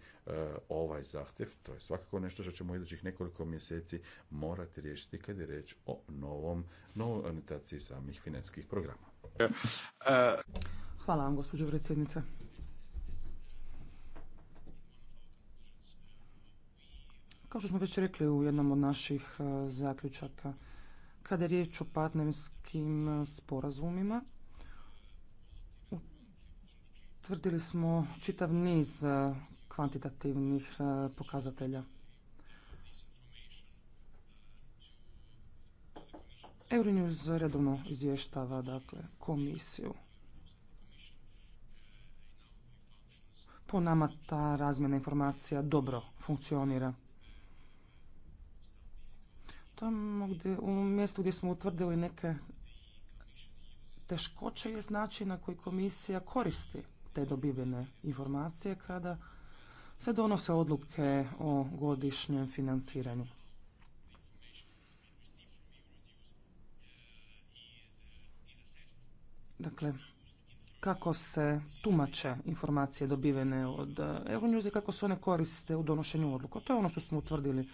B: ovaj zahtjev. To je svakako nešto što ćemo u idućih nekoliko mjeseci morati riješiti kad je riječ o novom, novoj orientaciji samih financijskih programa.
C: Hvala vam, gospođo predsjednice. Kao što smo već rekli u jednom od naših e, zaključaka, kada je riječ o partnerskim e, sporazumima, utvrdili smo čitav niz e, kvantitativnih pokazatelja. Euronews redovno izvještava dakle, komisiju. Po nama ta razmjena informacija dobro funkcionira. Tamo gdje, u mjestu gdje smo utvrdili neke teškoće je način na koji komisija koristi te dobivene informacije kada se donose odluke o godišnjem financiranju. Dakle, kako se tumače informacije dobivene od e, Euronews i kako se one koriste u donošenju odluka. To je ono što smo utvrdili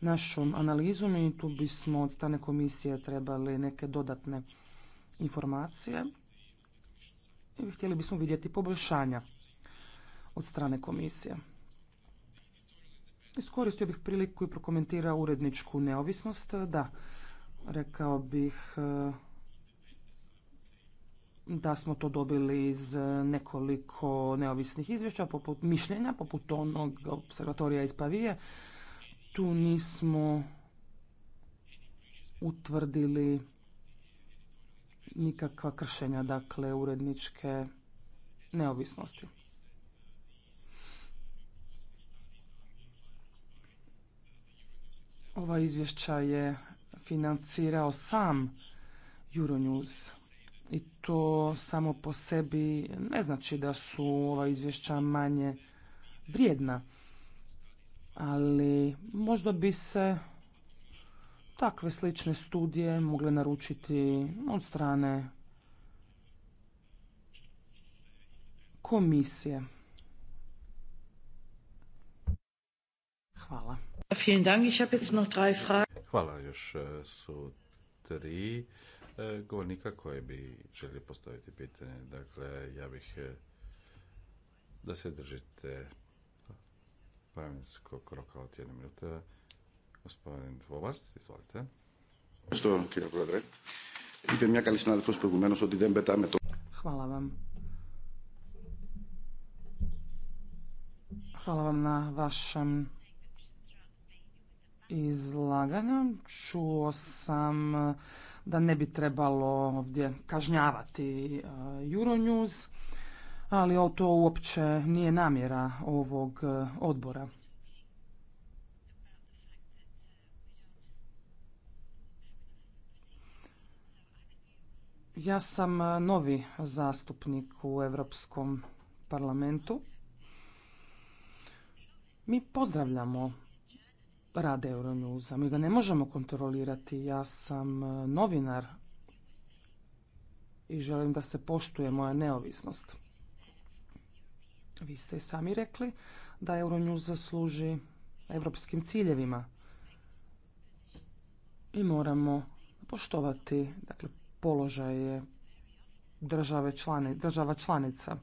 C: našom analizom i tu bismo od strane komisije trebali neke dodatne informacije i htjeli bismo vidjeti poboljšanja od strane komisije. Iskoristio bih priliku i prokomentirao uredničku neovisnost. Da, rekao bih e, da smo to dobili iz e, nekoliko neovisnih izvješća, poput mišljenja, poput onog observatorija iz Pavije. Tu nismo utvrdili nikakva kršenja, dakle, uredničke neovisnosti. Ova izvješća je financirao sam Euronews i to samo po sebi ne znači da su ova izvješća manje vrijedna, ali možda bi se takve slične studije mogle naručiti od strane komisije. Hvala.
B: Hvala, još e, su tri E, govornika koje bi želi postaviti pitanje. Dakle, ja bih e, da se držite vremenskog roka od jedne minute. Gospodin Vovars, izvolite.
C: Hvala vam. Hvala vam na vašem izlaganju. Čuo sam da ne bi trebalo ovdje kažnjavati e, Euronews, ali to uopće nije namjera ovog e, odbora. Ja sam e, novi zastupnik u Europskom parlamentu. Mi pozdravljamo rad Euronews. Mi ga ne možemo kontrolirati. Ja sam e, novinar i želim da se poštuje moja neovisnost. Vi ste i sami rekli da Euronews služi evropskim ciljevima i moramo poštovati dakle, položaje države država članica.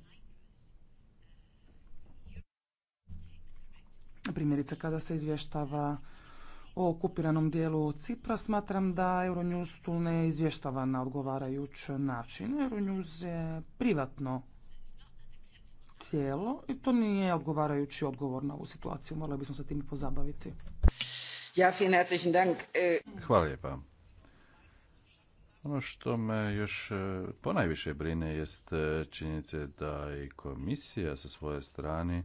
C: Primjerice, kada se izvještava o okupiranom dijelu Cipra, smatram da Euronews tu ne izvještava na odgovarajuć način. Euronews je privatno tijelo i to nije odgovarajući odgovor na ovu situaciju. Morali bismo se tim pozabaviti.
A: Ja, Dank. E, Hvala lijepa.
B: Ono što me još e, ponajviše brine jest e, činjenica da i komisija sa svoje strane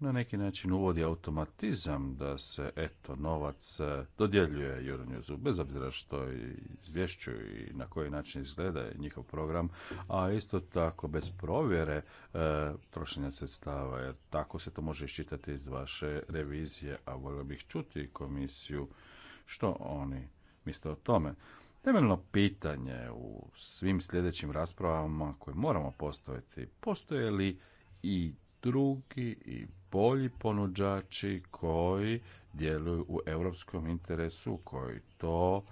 B: na neki način uvodi automatizam da se eto novac e, dodjeljuje Euronewsu, bez obzira što izvješću i na koji način izgleda njihov program, a isto tako bez provjere e, trošenja sredstava, jer tako se to može iščitati iz vaše revizije, a volio bih čuti komisiju što oni misle o tome. Temeljno pitanje u svim sljedećim raspravama koje moramo postaviti, postoje li i drugi i bolji ponuđači koji djeluju u europskom interesu, koji to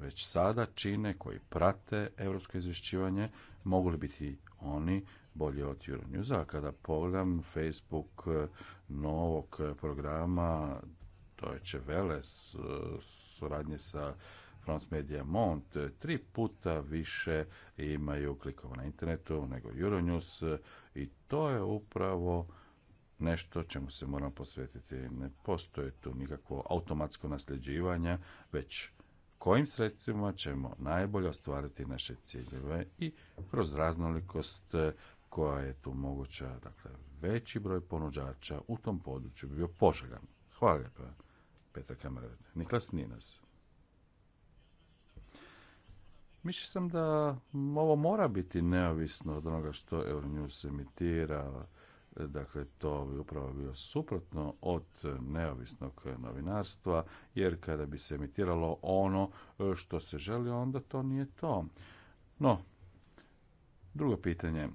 B: već sada čine, koji prate europsko izvješćivanje, mogli biti oni bolje od Euronewsa. Kada pogledam Facebook eh, novog programa to je veles suradnje sa France Media Mont eh, tri puta više imaju klikova na internetu nego Euronews eh, i to je upravo nešto čemu se moramo posvetiti. Ne postoje tu nikakvo automatsko nasljeđivanje, već kojim sredstvima ćemo najbolje ostvariti naše ciljeve i kroz raznolikost eh, koja je tu moguća, dakle, veći broj ponuđača u tom području bi bio poželjan. Hvala lijepa, Petar Kamerad. Niklas Ninas. Mišljam sam da ovo mora biti neovisno od onoga što Euronews emitira. Dakle, to bi upravo bilo suprotno od neovisnog novinarstva, jer kada bi se emitiralo ono e, što se želi, onda to nije to. No, drugo pitanje.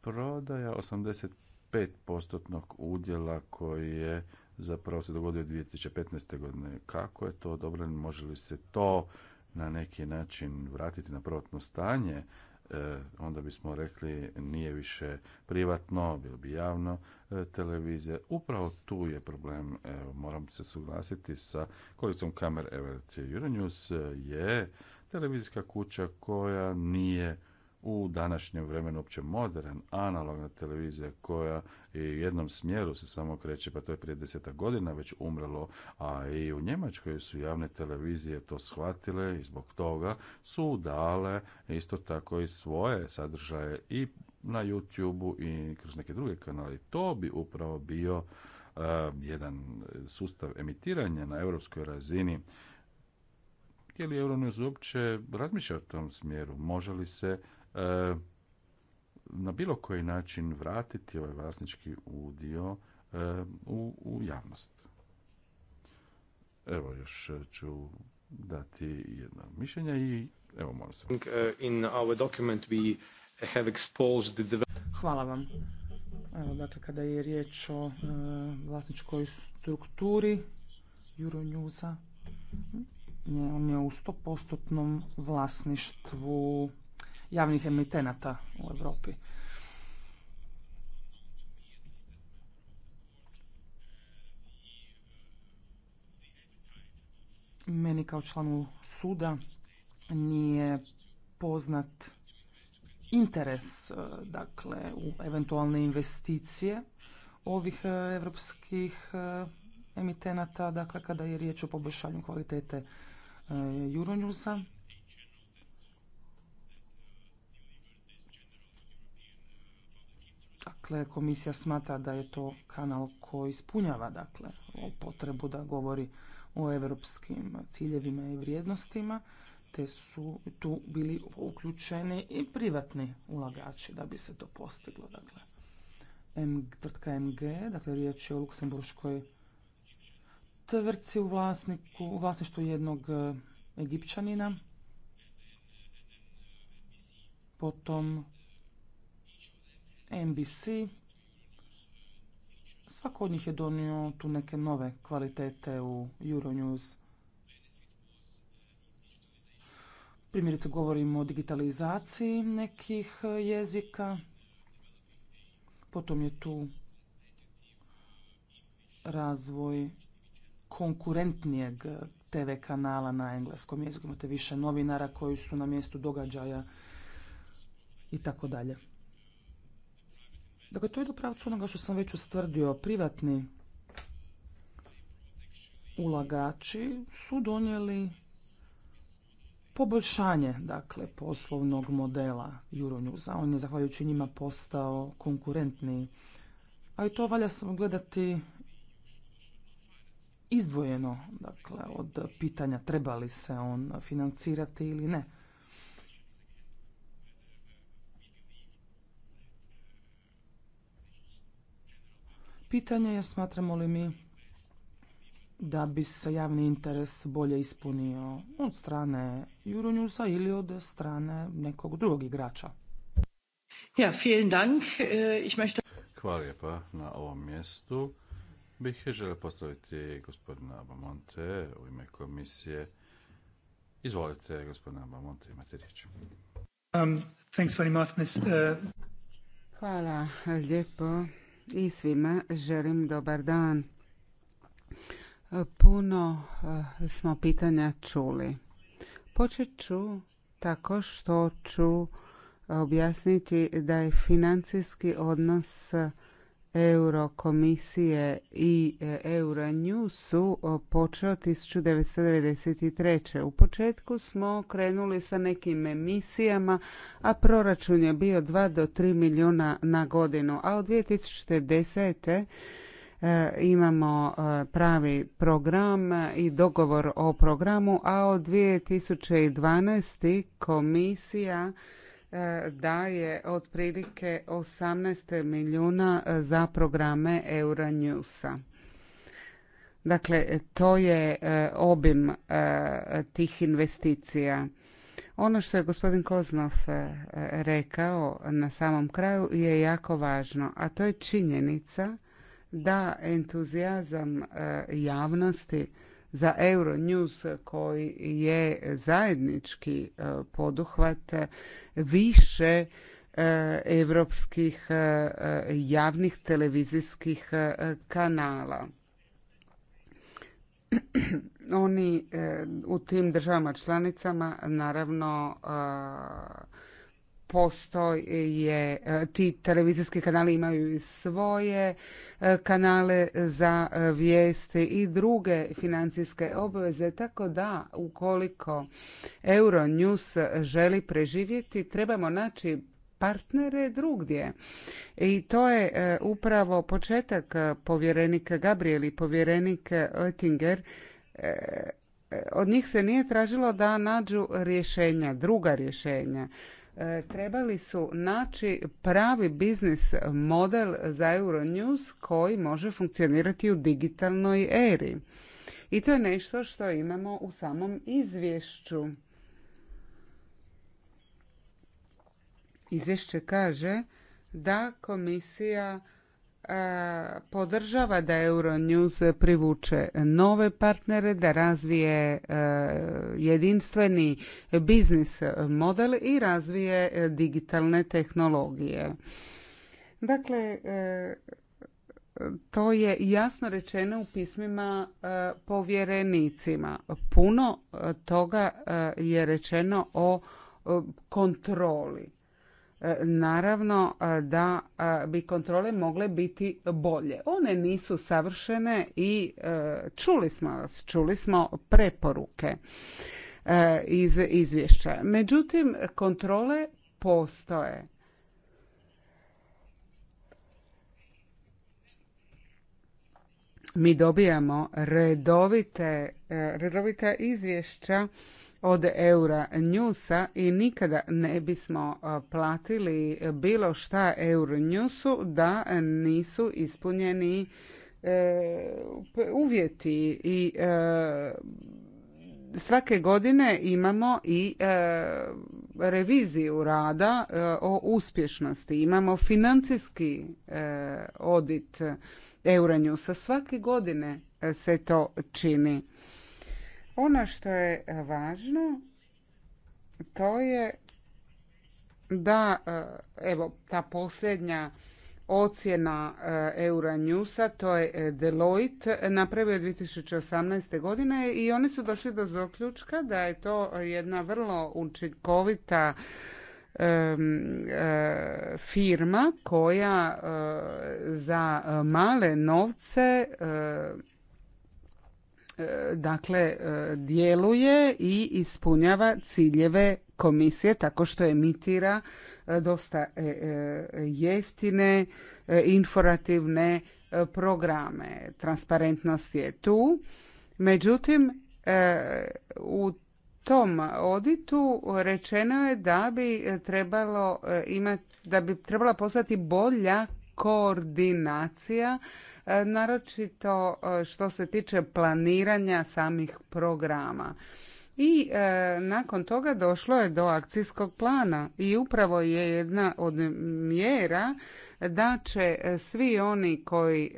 B: Prodaja 85% udjela koji je zapravo se dogodio 2015. godine. Kako je to odobreno? Može li se to na neki način vratiti na prvotno stanje? E, onda bismo rekli nije više privatno, bilo bi javno e, televizija. Upravo tu je problem, evo, moram se suglasiti sa kolicom kamer Everett Euronews je televizijska kuća koja nije u današnjem vremenu uopće modern analogna televizija koja je jednom smjeru se samo kreće, pa to je prije deseta godina već umrlo, a i u Njemačkoj su javne televizije to shvatile i zbog toga su dale isto tako i svoje sadržaje i na youtube i kroz neke druge kanale. To bi upravo bio e, jedan sustav emitiranja na europskoj razini je li Euronews uopće razmišlja u tom smjeru? Može li se E, na bilo koji način vratiti ovaj vlasnički udio e, u, u javnost. Evo još e, ću dati jedno mišljenje i evo molim se. Uh, in our document we have exposed
C: Hvala vam. Evo, dakle, kada je riječ o vlasničkoj strukturi Euronewsa, on je u 100% vlasništvu javnih emitenata u Europi. Meni kao članu suda nije poznat interes e, dakle u eventualne investicije ovih europskih e, emitenata dakle kada je riječ o poboljšanju kvalitete e, Euronewsa. Dakle, komisija smatra da je to kanal koji ispunjava dakle, potrebu da govori o evropskim ciljevima i vrijednostima, te su tu bili uključeni i privatni ulagači da bi se to postiglo. Dakle, M, tvrtka MG, dakle riječ je o luksemburškoj tvrci u, vlasniku, u vlasništvu jednog e, egipćanina. Potom NBC, svako od njih je donio tu neke nove kvalitete u Euronews. Primjerice govorimo o digitalizaciji nekih e, jezika, potom je tu razvoj konkurentnijeg e, TV kanala na engleskom jeziku. Imate više novinara koji su na mjestu događaja i tako dalje. Dakle, to je u pravcu onoga što sam već ustvrdio. Privatni ulagači su donijeli poboljšanje dakle, poslovnog modela Euronewsa. On je zahvaljujući njima postao konkurentniji. i to valja samo gledati izdvojeno dakle, od pitanja treba li se on financirati ili ne. Pitanje je smatramo li mi da bi se javni interes bolje ispunio od strane Euronewsa ili od strane nekog drugog igrača. Ja, vielen Dank. Äh, ich möchte...
B: Hvala lijepa na ovom mjestu. Bih želio postaviti gospodina Abamonte u ime komisije. Izvolite, gospodina Abamonte, imate riječ.
C: Um, thanks uh,
A: Hvala lijepo i svima želim dobar dan. Puno eh, smo pitanja čuli. Počet ću tako što ću objasniti da je financijski odnos Eurokomisije i e, euronju su počeo 1993. U početku smo krenuli sa nekim emisijama, a proračun je bio 2 do 3 milijuna na godinu, a od 2010 e, imamo e, pravi program i dogovor o programu, a od 2012. komisija E, da je otprilike 18 milijuna e, za programe Euronewsa. Dakle, to je e, obim tih investicija. Ono što je gospodin Koznov rekao na samom kraju je jako važno, a to je činjenica da entuzijazam javnosti za Euronews koji je zajednički e, poduhvat više europskih e, javnih televizijskih e, kanala. *clears throat* Oni u tim državama članicama naravno postoje, e, ti televizijski kanali imaju i svoje e, kanale za e, vijesti i druge financijske obveze, tako da ukoliko Euronews želi preživjeti, trebamo naći partnere drugdje. I to je upravo početak povjerenika Gabriel i povjerenik Oettinger od njih se nije tražilo da nađu rješenja, druga rješenja. E, trebali su naći pravi biznis model za Euronews koji može funkcionirati u digitalnoj eri. I to je nešto što imamo u samom izvješću. Izvješće kaže da komisija E, podržava da Euronews privuče nove partnere, da razvije e, jedinstveni biznis model i razvije digitalne tehnologije. Dakle, e, to je jasno rečeno u pismima povjerenicima. Puno toga je rečeno o kontroli E, naravno e, da e, bi kontrole mogle biti bolje. One nisu savršene i čuli smo vas, čuli smo preporuke iz izvješća. Međutim, kontrole postoje. Mi dobijamo redovite, redovita izvješća od Eura i nikada ne bismo platili bilo šta Euro da nisu ispunjeni e, uvjeti i e, svake godine imamo i e, reviziju rada o uspješnosti. Imamo financijski odit EuroNewsa, Svake godine se to čini. Ono što je e, važno to je da e, evo ta posljednja ocjena e, Euronewsa, to je Deloitte, napravio 2018. godine i oni su došli do zaključka da je to jedna vrlo učinkovita firma koja za male novce E, dakle e, djeluje i ispunjava ciljeve komisije tako što emitira e, dosta jeftine informativne programe. Transparentnost je tu. Međutim, u tom oditu rečeno je da bi trebalo imati, da bi trebala postati bolja koordinacija E, naročito e, što se tiče planiranja samih programa. I e, nakon toga došlo je do akcijskog plana i upravo je jedna od mjera da će svi oni koji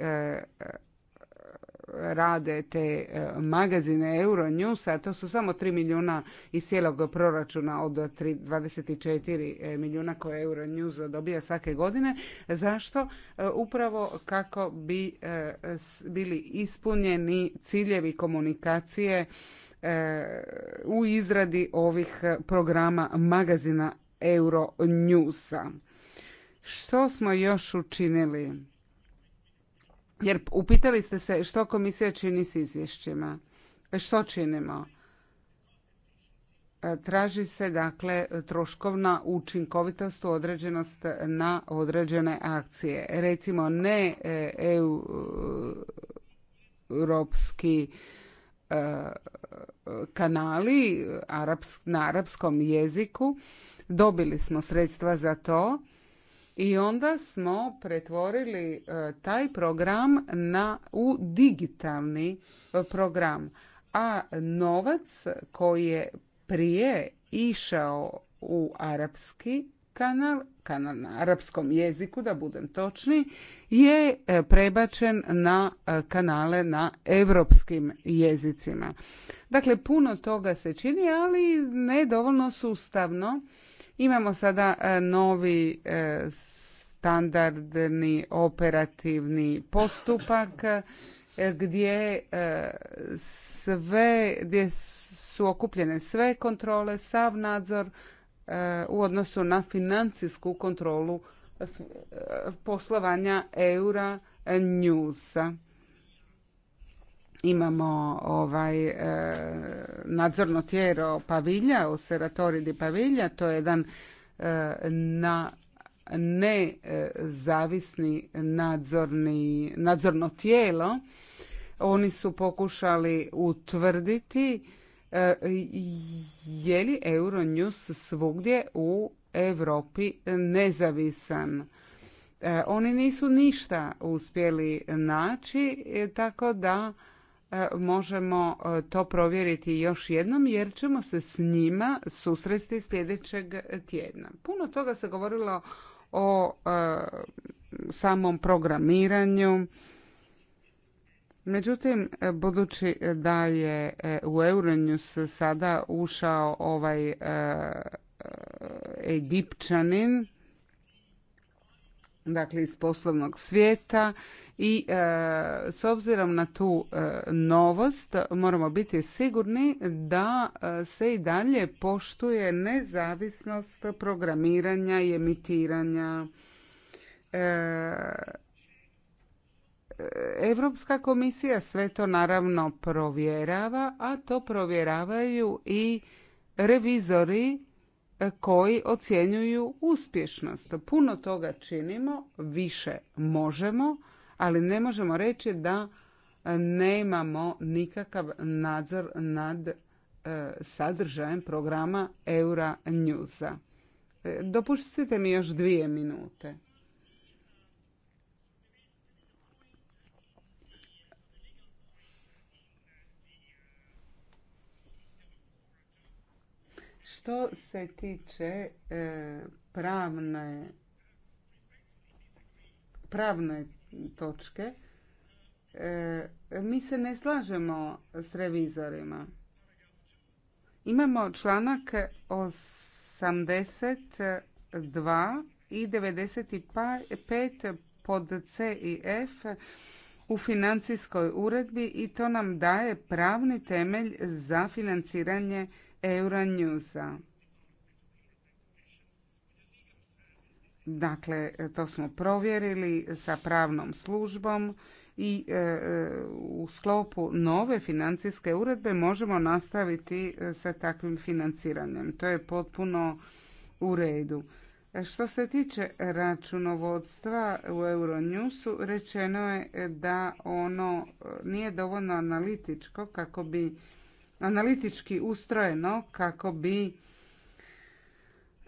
A: rade te e, magazine Euronews, a to su samo 3 milijuna iz cijelog proračuna od 24 e, milijuna koje Euronews dobija svake godine. Zašto? E, upravo kako bi bili ispunjeni ciljevi komunikacije u izradi ovih programa magazina Euronewsa. Što smo još učinili? Jer upitali ste se što komisija čini s izvješćima. E, što činimo? E, traži se dakle troškovna učinkovitost u određenost na određene akcije. Recimo ne e, europski kanali na arapskom jeziku. Dobili smo sredstva za to i onda smo pretvorili e, taj program na, u digitalni e, program. A novac koji je prije išao u arapski kanal, kanal na arapskom jeziku, da budem točni, je e, prebačen na kanale na europskim jezicima. Dakle, puno toga se čini, ali ne dovoljno sustavno Imamo sada e, novi e, standardni operativni postupak e, gdje sve, gdje su okupljene sve kontrole, sav nadzor u odnosu na financijsku kontrolu poslovanja Eura Newsa imamo ovaj e, nadzorno tijelo Pavilja, u Seratoridi Pavilja, to je jedan e, na nezavisni nadzorni, nadzorno tijelo. Oni su pokušali utvrditi e, je li Euronews svugdje u Europi nezavisan. E, oni nisu ništa uspjeli naći, tako da E, možemo e, to provjeriti još jednom jer ćemo se s njima susresti sljedećeg tjedna. Puno toga se govorilo o e, samom programiranju. Međutim, budući da je u Euronews sada ušao ovaj Egipćanin, dakle iz poslovnog svijeta i e, s obzirom na tu e, novost moramo biti sigurni da e, se i dalje poštuje nezavisnost programiranja i emitiranja Europska komisija sve to naravno provjerava, a to provjeravaju i revizori koji ocjenjuju uspješnost. Puno toga činimo, više možemo, ali ne možemo reći da nemamo nikakav nadzor nad e, sadržajem programa Eura e, dopustite mi još dvije minute. Što se tiče e, pravne pravne točke, e, mi se ne slažemo s revizorima. Imamo članak 82 i 95 pod C i F u financijskoj uredbi i to nam daje pravni temelj za financiranje Euronewsa. Dakle, to smo provjerili sa pravnom službom i e, e, u sklopu nove financijske uredbe možemo nastaviti e, sa takvim financiranjem. To je potpuno u redu. Što se tiče računovodstva u Euronewsu, rečeno je da ono nije dovoljno analitičko kako bi analitički ustrojeno kako bi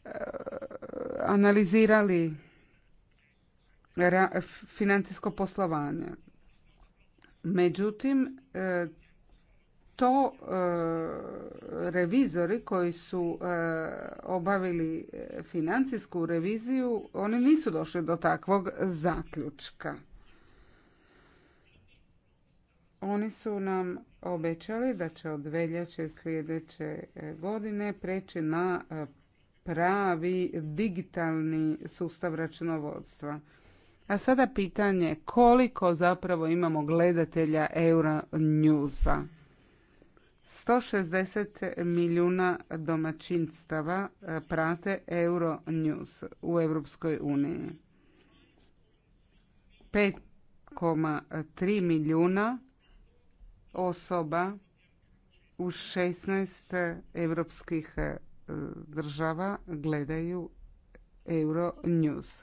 A: e, analizirali financijsko poslovanje. Međutim, e, to e, revizori koji su obavili financijsku reviziju, oni nisu došli do takvog zaključka. Oni su nam obećali da će od veljače sljedeće e, godine preći na e, pravi digitalni sustav računovodstva. A sada pitanje koliko zapravo imamo gledatelja Euronewsa. 160 milijuna domaćinstava e, prate Euronews u Europskoj uniji. 5,3 milijuna osoba u 16 europskih e, država gledaju Euronews.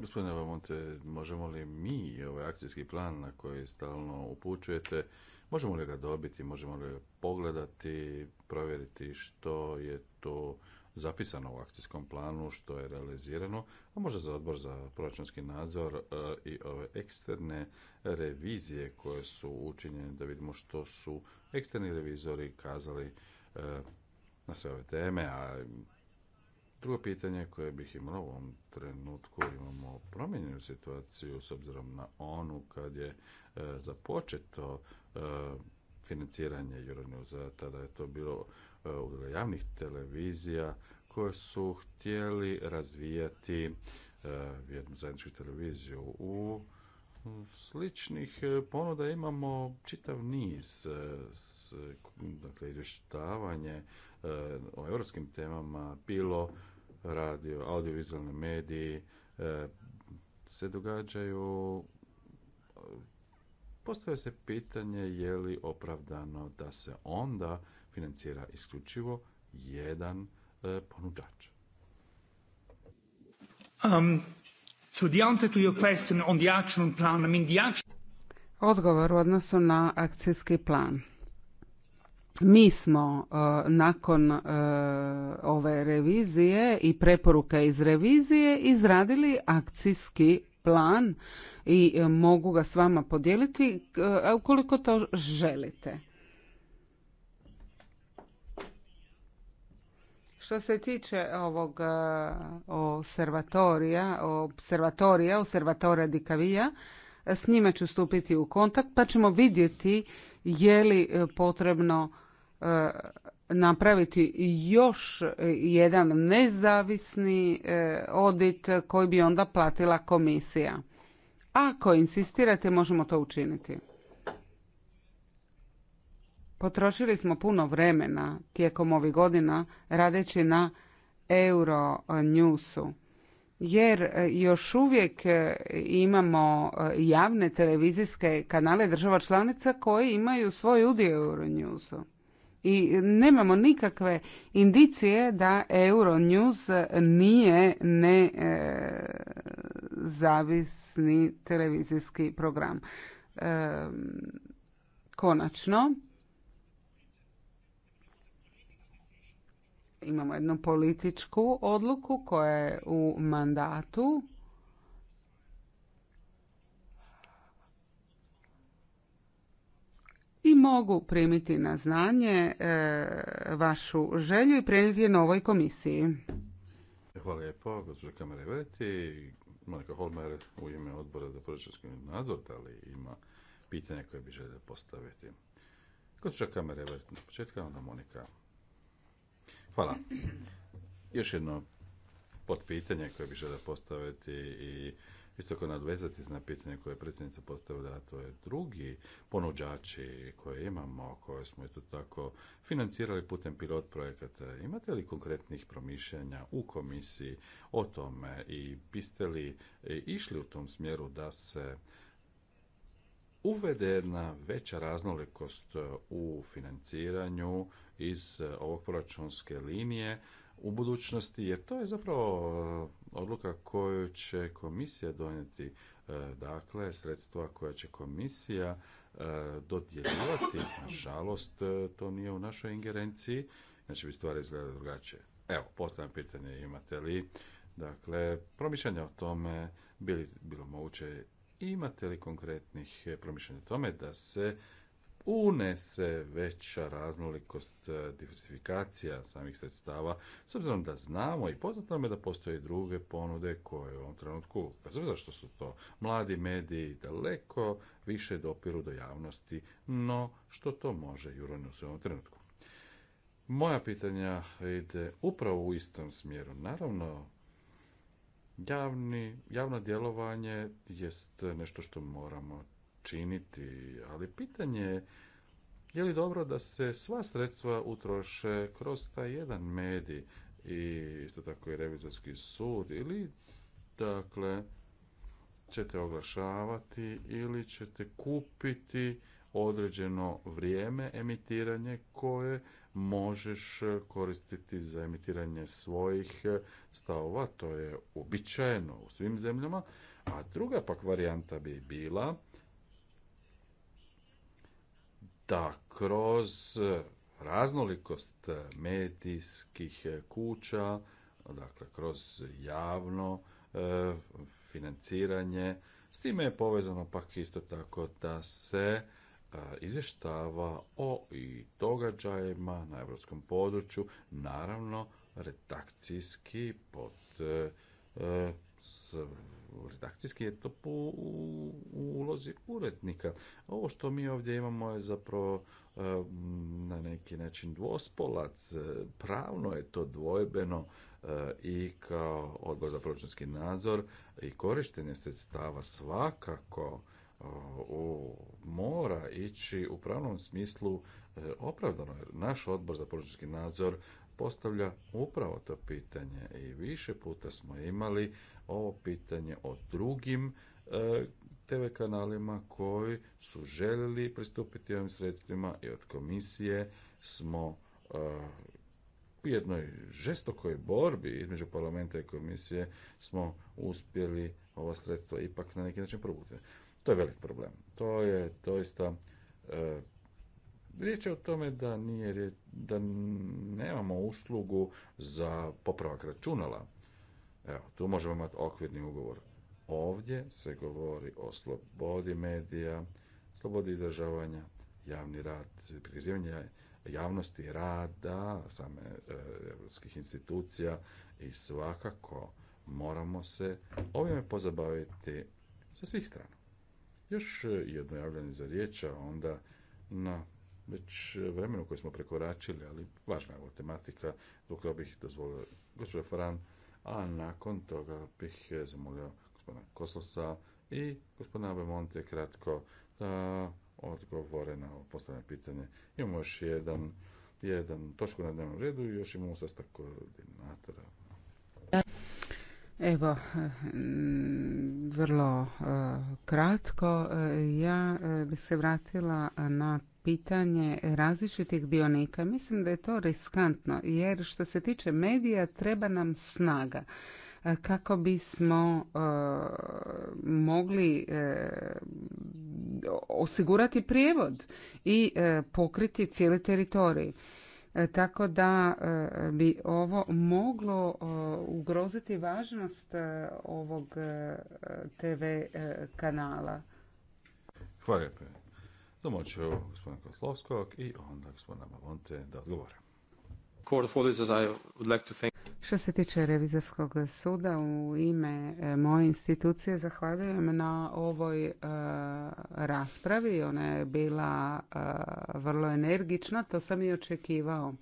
B: Gospodine Vamonte, možemo li mi ovaj akcijski plan na koji stalno upućujete, možemo li ga dobiti, možemo li ga pogledati, provjeriti što je to zapisano u akcijskom planu, što je realizirano, a možda za odbor za proračunski nadzor e, i ove eksterne revizije koje su učinjene da vidimo što su eksterni revizori kazali e, na sve ove teme, a Drugo pitanje koje bih imao u ovom trenutku, imamo promijenjenu situaciju s obzirom na onu kad je e, započeto financiranje Euronewsa, tada je to bilo e, udruga javnih televizija koje su htjeli razvijati e, jednu zajedničku televiziju u sličnih e, ponuda imamo čitav niz dakle izvještavanje o europskim temama bilo radio audiovizualni mediji se događaju Postavlja se pitanje je li opravdano da se onda financira isključivo jedan ponuđač.
A: Odgovor u odnosu na akcijski plan. Mi smo e, nakon e, ove revizije i preporuka iz revizije izradili akcijski plan i e, mogu ga s vama podijeliti e, ukoliko to želite. Što se tiče ovog e, observatorija, observatorija, observatora di s njime ću stupiti u kontakt pa ćemo vidjeti je li potrebno napraviti još jedan nezavisni odit koji bi onda platila komisija. Ako insistirate, možemo to učiniti. Potrošili smo puno vremena tijekom ovih godina radeći na Euro Jer još uvijek imamo javne televizijske kanale država članica koji imaju svoj udio Euronewsu i nemamo nikakve indicije da Euronews nije nezavisni e, televizijski program. E, konačno, imamo jednu političku odluku koja je u mandatu i mogu primiti na znanje e, vašu želju i prenijeti je novoj komisiji.
B: Hvala lijepo, gospođo Kamereveti. Monika Holmer u ime odbora za proračunski nadzor, da li ima pitanje koje bi želio postaviti? Gospođa Kamereveti na početka, onda Monika. Hvala. Još jedno potpitanje koje bi želio postaviti i isto ako nadvezati na pitanje koje je predsjednica postavila, a to je drugi ponuđači koje imamo, koje smo isto tako financirali putem pilot projekata. Imate li konkretnih promišljanja u komisiji o tome i biste li e, išli u tom smjeru da se uvede jedna veća raznolikost u financiranju iz e, ovog proračunske linije, u budućnosti, jer to je zapravo e, odluka koju će komisija donijeti, e, dakle sredstva koja će komisija e, dodjeljivati, nažalost to nije u našoj ingerenciji, znači bi stvari izgledale drugačije. Evo, postavljam pitanje imate li dakle promišljanje o tome bili bilo moguće imate li konkretnih promišljanja o tome da se unese veća raznolikost e, diversifikacija samih sredstava, s obzirom da znamo i poznato nam je da postoje druge ponude koje u ovom trenutku, bez obzira što su to mladi mediji, daleko više dopiru do javnosti, no što to može Euronews u ovom trenutku. Moja pitanja ide upravo u istom smjeru. Naravno, javno djelovanje jest nešto što moramo učiniti, ali pitanje je je li dobro da se sva sredstva utroše kroz taj jedan medij i isto tako i revizorski sud ili dakle ćete oglašavati ili ćete kupiti određeno vrijeme emitiranje koje možeš koristiti za emitiranje svojih stavova, to je uobičajeno u svim zemljama, a druga pak varijanta bi bila da kroz raznolikost medijskih kuća, dakle kroz javno e, financiranje, s time je povezano pak isto tako da se e, izvještava o i događajima na europskom području, naravno redakcijski pod e, s redakcijski je to po u, ulozi urednika. Ovo što mi ovdje imamo je zapravo e, na neki način dvospolac, e, pravno je to dvojbeno e, i kao odbor za proračunski nadzor i korištenje sredstava svakako mora ići u pravnom smislu opravdano. Naš odbor za proračunski nadzor postavlja upravo to pitanje i više puta smo imali ovo pitanje o drugim e, TV kanalima koji su željeli pristupiti ovim sredstvima i od komisije smo e, u jednoj žestokoj borbi između parlamenta i komisije smo uspjeli ova sredstva ipak na neki način probuditi. To je velik problem. To je doista e, Riječ je o tome da, nije, da nemamo uslugu za popravak računala. Evo, tu možemo imati okvirni ugovor. Ovdje se govori o slobodi medija, slobodi izražavanja, javni rad, prikazivanje javnosti rada, same europskih institucija i svakako moramo se ovime pozabaviti sa svih strana. Još jedno javljanje za riječ, a onda na već vremenu koje smo prekoračili, ali važna je ova tematika, zbog toga bih dozvolio gospođa Faran, a nakon toga bih zamolio gospodina Kososa i gospodina Abemonte kratko da odgovore na ovo postavljeno pitanje. Imamo još jedan, jedan točku na dnevnom redu i još imamo sastav koordinatora.
A: Evo, mm, vrlo e, kratko. E, ja e, bih se vratila na pitanje različitih dionika. Mislim da je to riskantno jer što se tiče medija treba nam snaga e, kako bismo e, mogli e, osigurati prijevod i pokriti cijeli teritorij. Tako da bi ovo moglo ugroziti važnost ovog TV kanala.
B: Hvala domoću gospodina Koslovskog i onda gospodina da odgovore.
A: Što se tiče revizorskog suda, u ime e, moje institucije zahvaljujem na ovoj e, raspravi. Ona je bila e, vrlo energična, to sam i očekivao.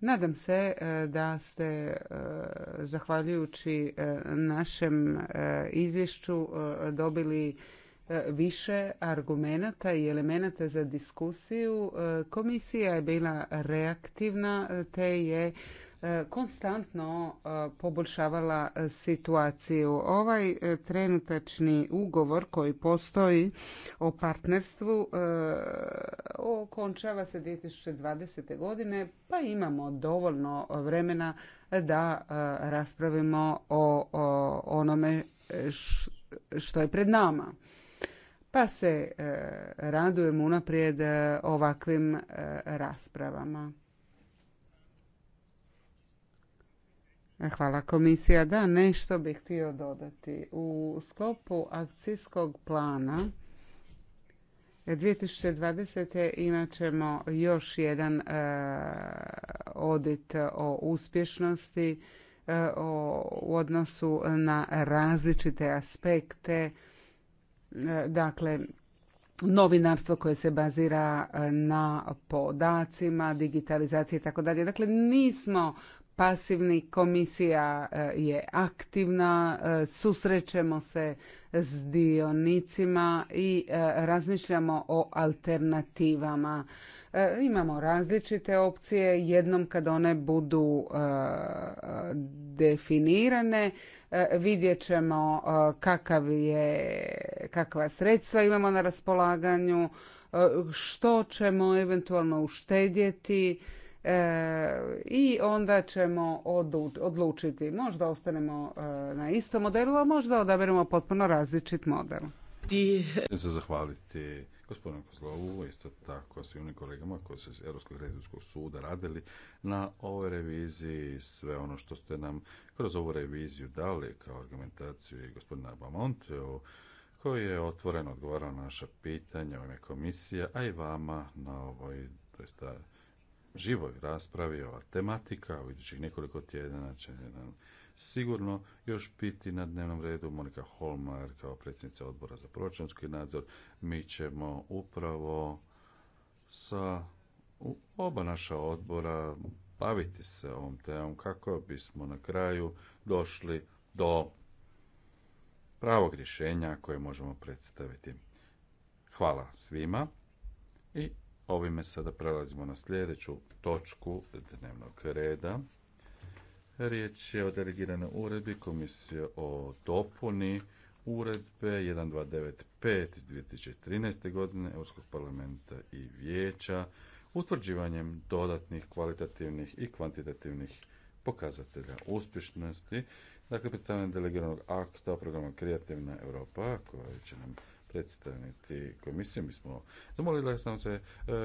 A: Nadam se da ste, zahvaljujući našem izvješću, dobili E, više argumenata i elemenata za diskusiju. E, komisija je bila reaktivna te je e, konstantno poboljšavala situaciju. Ovaj trenutačni ugovor koji postoji o partnerstvu okončava se 2020. godine pa imamo dovoljno vremena da raspravimo o onome što je pred nama pa se e, radujem unaprijed e, ovakvim e, raspravama. Hvala komisija. Da, nešto bih htio dodati. U sklopu akcijskog plana 2020. imat ćemo još jedan odit o uspješnosti o, u odnosu na različite aspekte Dakle, novinarstvo koje se bazira e, na podacima, digitalizacije i tako dalje. Dakle, nismo pasivni, komisija e, je aktivna, e, susrećemo se s dionicima i razmišljamo o alternativama. Imamo različite opcije, jednom kad one budu definirane, E, vidjet ćemo e, kakav je, kakva sredstva imamo na raspolaganju, e, što ćemo eventualno uštedjeti i onda ćemo odlučiti. Možda ostanemo na istom modelu, a možda odaberemo potpuno različit model.
B: Ti... Se zahvaliti gospodinu Kozlovu, isto tako svim onim kolegama koji su iz Europskog revizijskog suda radili na ovoj reviziji, sve ono što ste nam kroz ovu reviziju dali kao argumentaciju i gospodina Bamonteu, koji je otvoreno odgovarao na naša pitanja u ime komisije, a i vama na ovoj doista živoj raspravi. Ova tematika u idućih nekoliko tjedana će nam sigurno još biti na dnevnom redu Monika Holmar kao predsjednica odbora za proračunski nadzor. Mi ćemo upravo sa oba naša odbora baviti se ovom temom kako bismo na kraju došli do pravog rješenja koje možemo predstaviti. Hvala svima i ovime sada prelazimo na sljedeću točku dnevnog reda. Riječ je o delegiranoj uredbi Komisije o dopuni uredbe 1295 iz 2013. godine Europskog parlamenta i vijeća utvrđivanjem dodatnih kvalitativnih i kvantitativnih pokazatelja uspješnosti. Dakle, predstavljanje delegiranog akta programa Kreativna Europa koji će nam predstaviti komisiju. Mi smo zamolili da sam se e,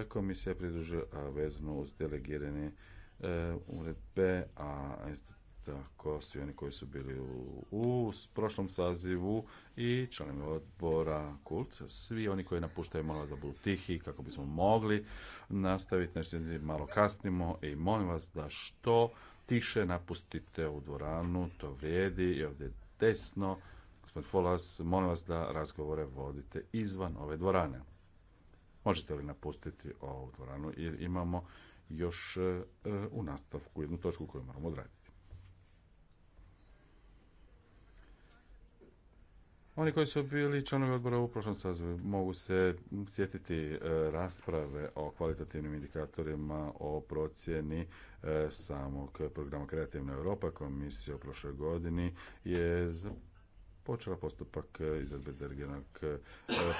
B: komisija pridružila vezano uz delegirani E, uredbe, a isto tako svi oni koji su bili u, u prošlom sazivu i članovi odbora Kult, svi oni koji napuštaju da za tihi kako bismo mogli nastaviti, nešto malo kasnimo i molim vas da što tiše napustite u dvoranu, to vrijedi i ovdje desno. Gospodin Folas, molim vas da razgovore vodite izvan ove dvorane. Možete li napustiti ovu dvoranu jer imamo još e, e, u nastavku jednu točku koju moramo odraditi. Oni koji su bili članovi odbora u prošlom sazivu mogu se sjetiti e, rasprave o kvalitativnim indikatorima, o procjeni samog programa Kreativna Europa. Komisija u prošloj godini je počela postupak e, izvedbe delegiranog e,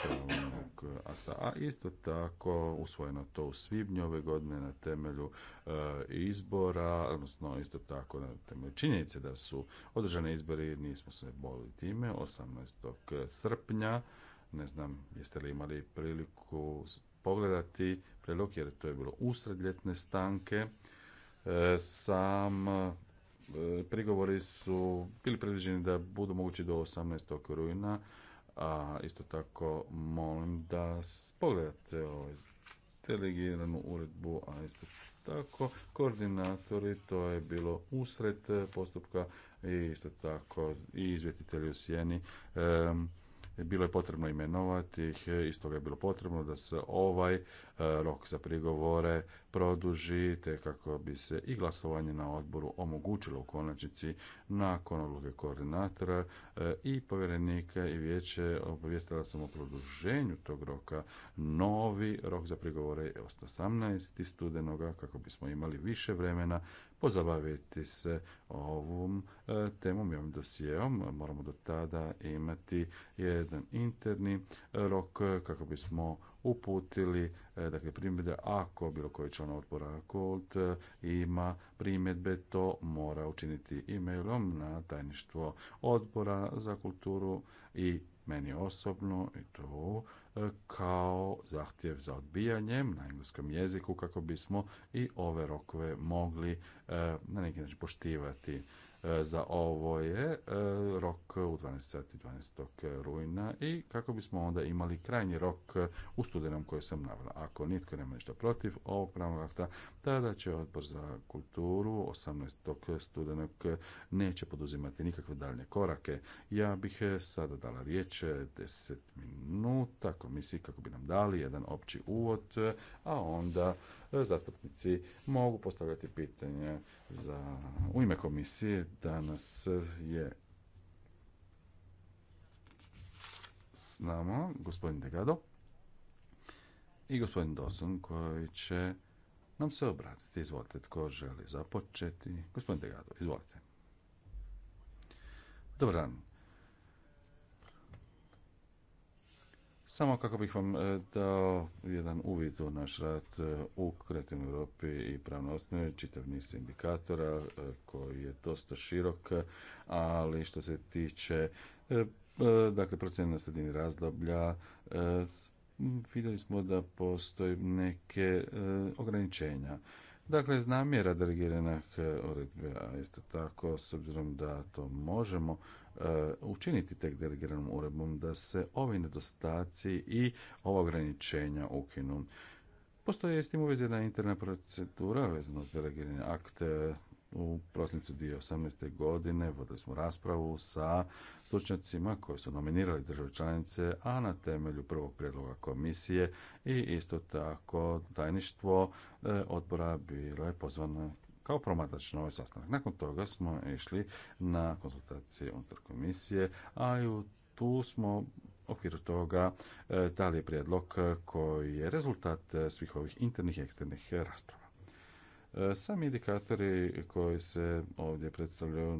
B: pravnog akta, a isto tako usvojeno to u svibnju ove godine na temelju e, izbora, odnosno isto tako na temelju činjenice da su održane izbori, nismo se bolili time, 18. srpnja, ne znam jeste li imali priliku pogledati prilog, jer to je bilo usred ljetne stanke. Sam E, prigovori su bili predviđeni da budu mogući do 18. rujna, a isto tako molim da pogledate ovaj delegiranu uredbu, a isto tako koordinatori, to je bilo usred postupka i isto tako i izvjetitelji u sjeni. E, bilo je potrebno imenovati ih e, iz stoga je bilo potrebno da se ovaj e, rok za prigovore produži te kako bi se i glasovanje na odboru omogućilo u konačnici nakon odluke koordinatora i povjerenika i vijeće obavijestila sam o produženju tog roka. Novi rok za prigovore je 18. studenoga kako bismo imali više vremena pozabaviti se ovom e, temom i ovim dosijeom. Moramo do tada imati jedan interni rok kako bismo uputili e, dakle, primjedbe ako bilo koji član odbora kult e, ima primjedbe, to mora učiniti e-mailom na tajništvo odbora za kulturu i meni osobno i to e, kao zahtjev za odbijanjem na engleskom jeziku kako bismo i ove rokove mogli na neki način poštivati. E, za ovo je e, rok u 12 sati 12. rujna i kako bismo onda imali krajnji rok e, u studenom koji sam navrla. Ako nitko nema ništa protiv ovog pravnog akta, tada će odbor za kulturu 18. studenog neće poduzimati nikakve daljne korake. Ja bih sada dala riječ 10 minuta komisiji kako bi nam dali jedan opći uvod, a onda zastupnici mogu postavljati pitanje za, u ime komisije. Danas je s nama gospodin Degado i gospodin Dosun koji će nam se obratiti. Izvolite, tko želi započeti? Gospodin Degado, izvolite. Dobar dan, Samo kako bih vam e, dao jedan uvid u naš rad e, u Kreativnoj Europi i pravno osnovi, čitav niz indikatora e, koji je dosta širok, ali što se tiče dakle, procjene na sredini razdoblja, vidjeli smo da postoje neke ograničenja. Dakle, namjera delegiranih uredbe, a isto tako, s obzirom da to možemo E, učiniti tek delegiranom uredbom da se ovi nedostaci i ova ograničenja ukinu. Postoje s tim uvezi jedna interna procedura vezano s delegirani akt e, u prosincu 2018. godine vodili smo raspravu sa stručnjacima koji su nominirali države članice, a na temelju prvog prijedloga komisije i isto tako tajništvo e, odbora bilo je pozvano kao promatačno na ovaj sastanak. Nakon toga smo išli na konzultacije unutar komisije, a i tu smo u okviru toga e, dali je prijedlog koji je rezultat e, svih ovih internih i eksternih rasprava. E, sami indikatori koji se ovdje predstavljaju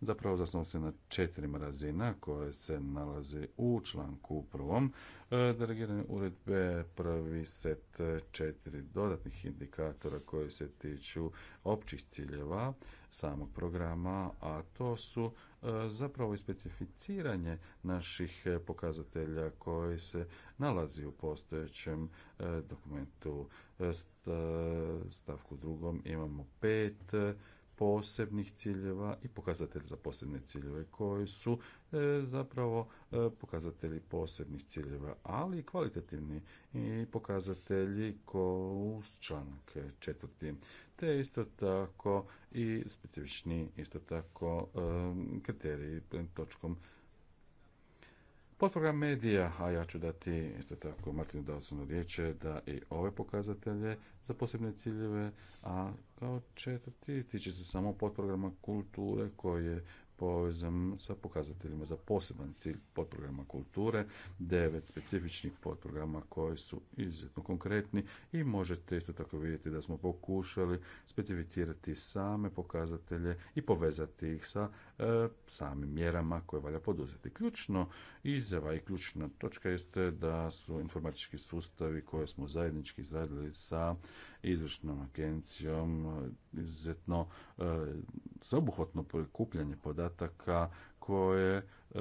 B: zapravo zasnovu se na četiri razina koje se nalaze u članku prvom. E, delegirane uredbe prvi set e, četiri dodatnih indikatora koji se tiču općih ciljeva samog programa, a to su e, zapravo i specificiranje naših pokazatelja koji se nalazi u postojećem dokumentu stavku drugom imamo pet posebnih ciljeva i pokazatelj za posebne ciljeve koji su e, zapravo e, pokazatelji posebnih ciljeva, ali i kvalitativni i pokazatelji ko članak četvrti. Te isto tako i specifični isto tako e, kriteriji e, točkom Potprogram medija, a ja ću dati isto tako Martinu Dalsonu riječe da i ove pokazatelje za posebne ciljeve, a kao četvrti tiče se samo potprograma kulture koji je povezan sa pokazateljima za poseban cilj podprograma kulture, devet specifičnih podprograma koji su izuzetno konkretni i možete isto tako vidjeti da smo pokušali specificirati same pokazatelje i povezati ih sa e, samim mjerama koje valja poduzeti. Ključno izjava i ključna točka jeste da su informatički sustavi koje smo zajednički izradili sa izvršnom agencijom izuzetno e, sveobuhvatno prikupljanje podataka koje E,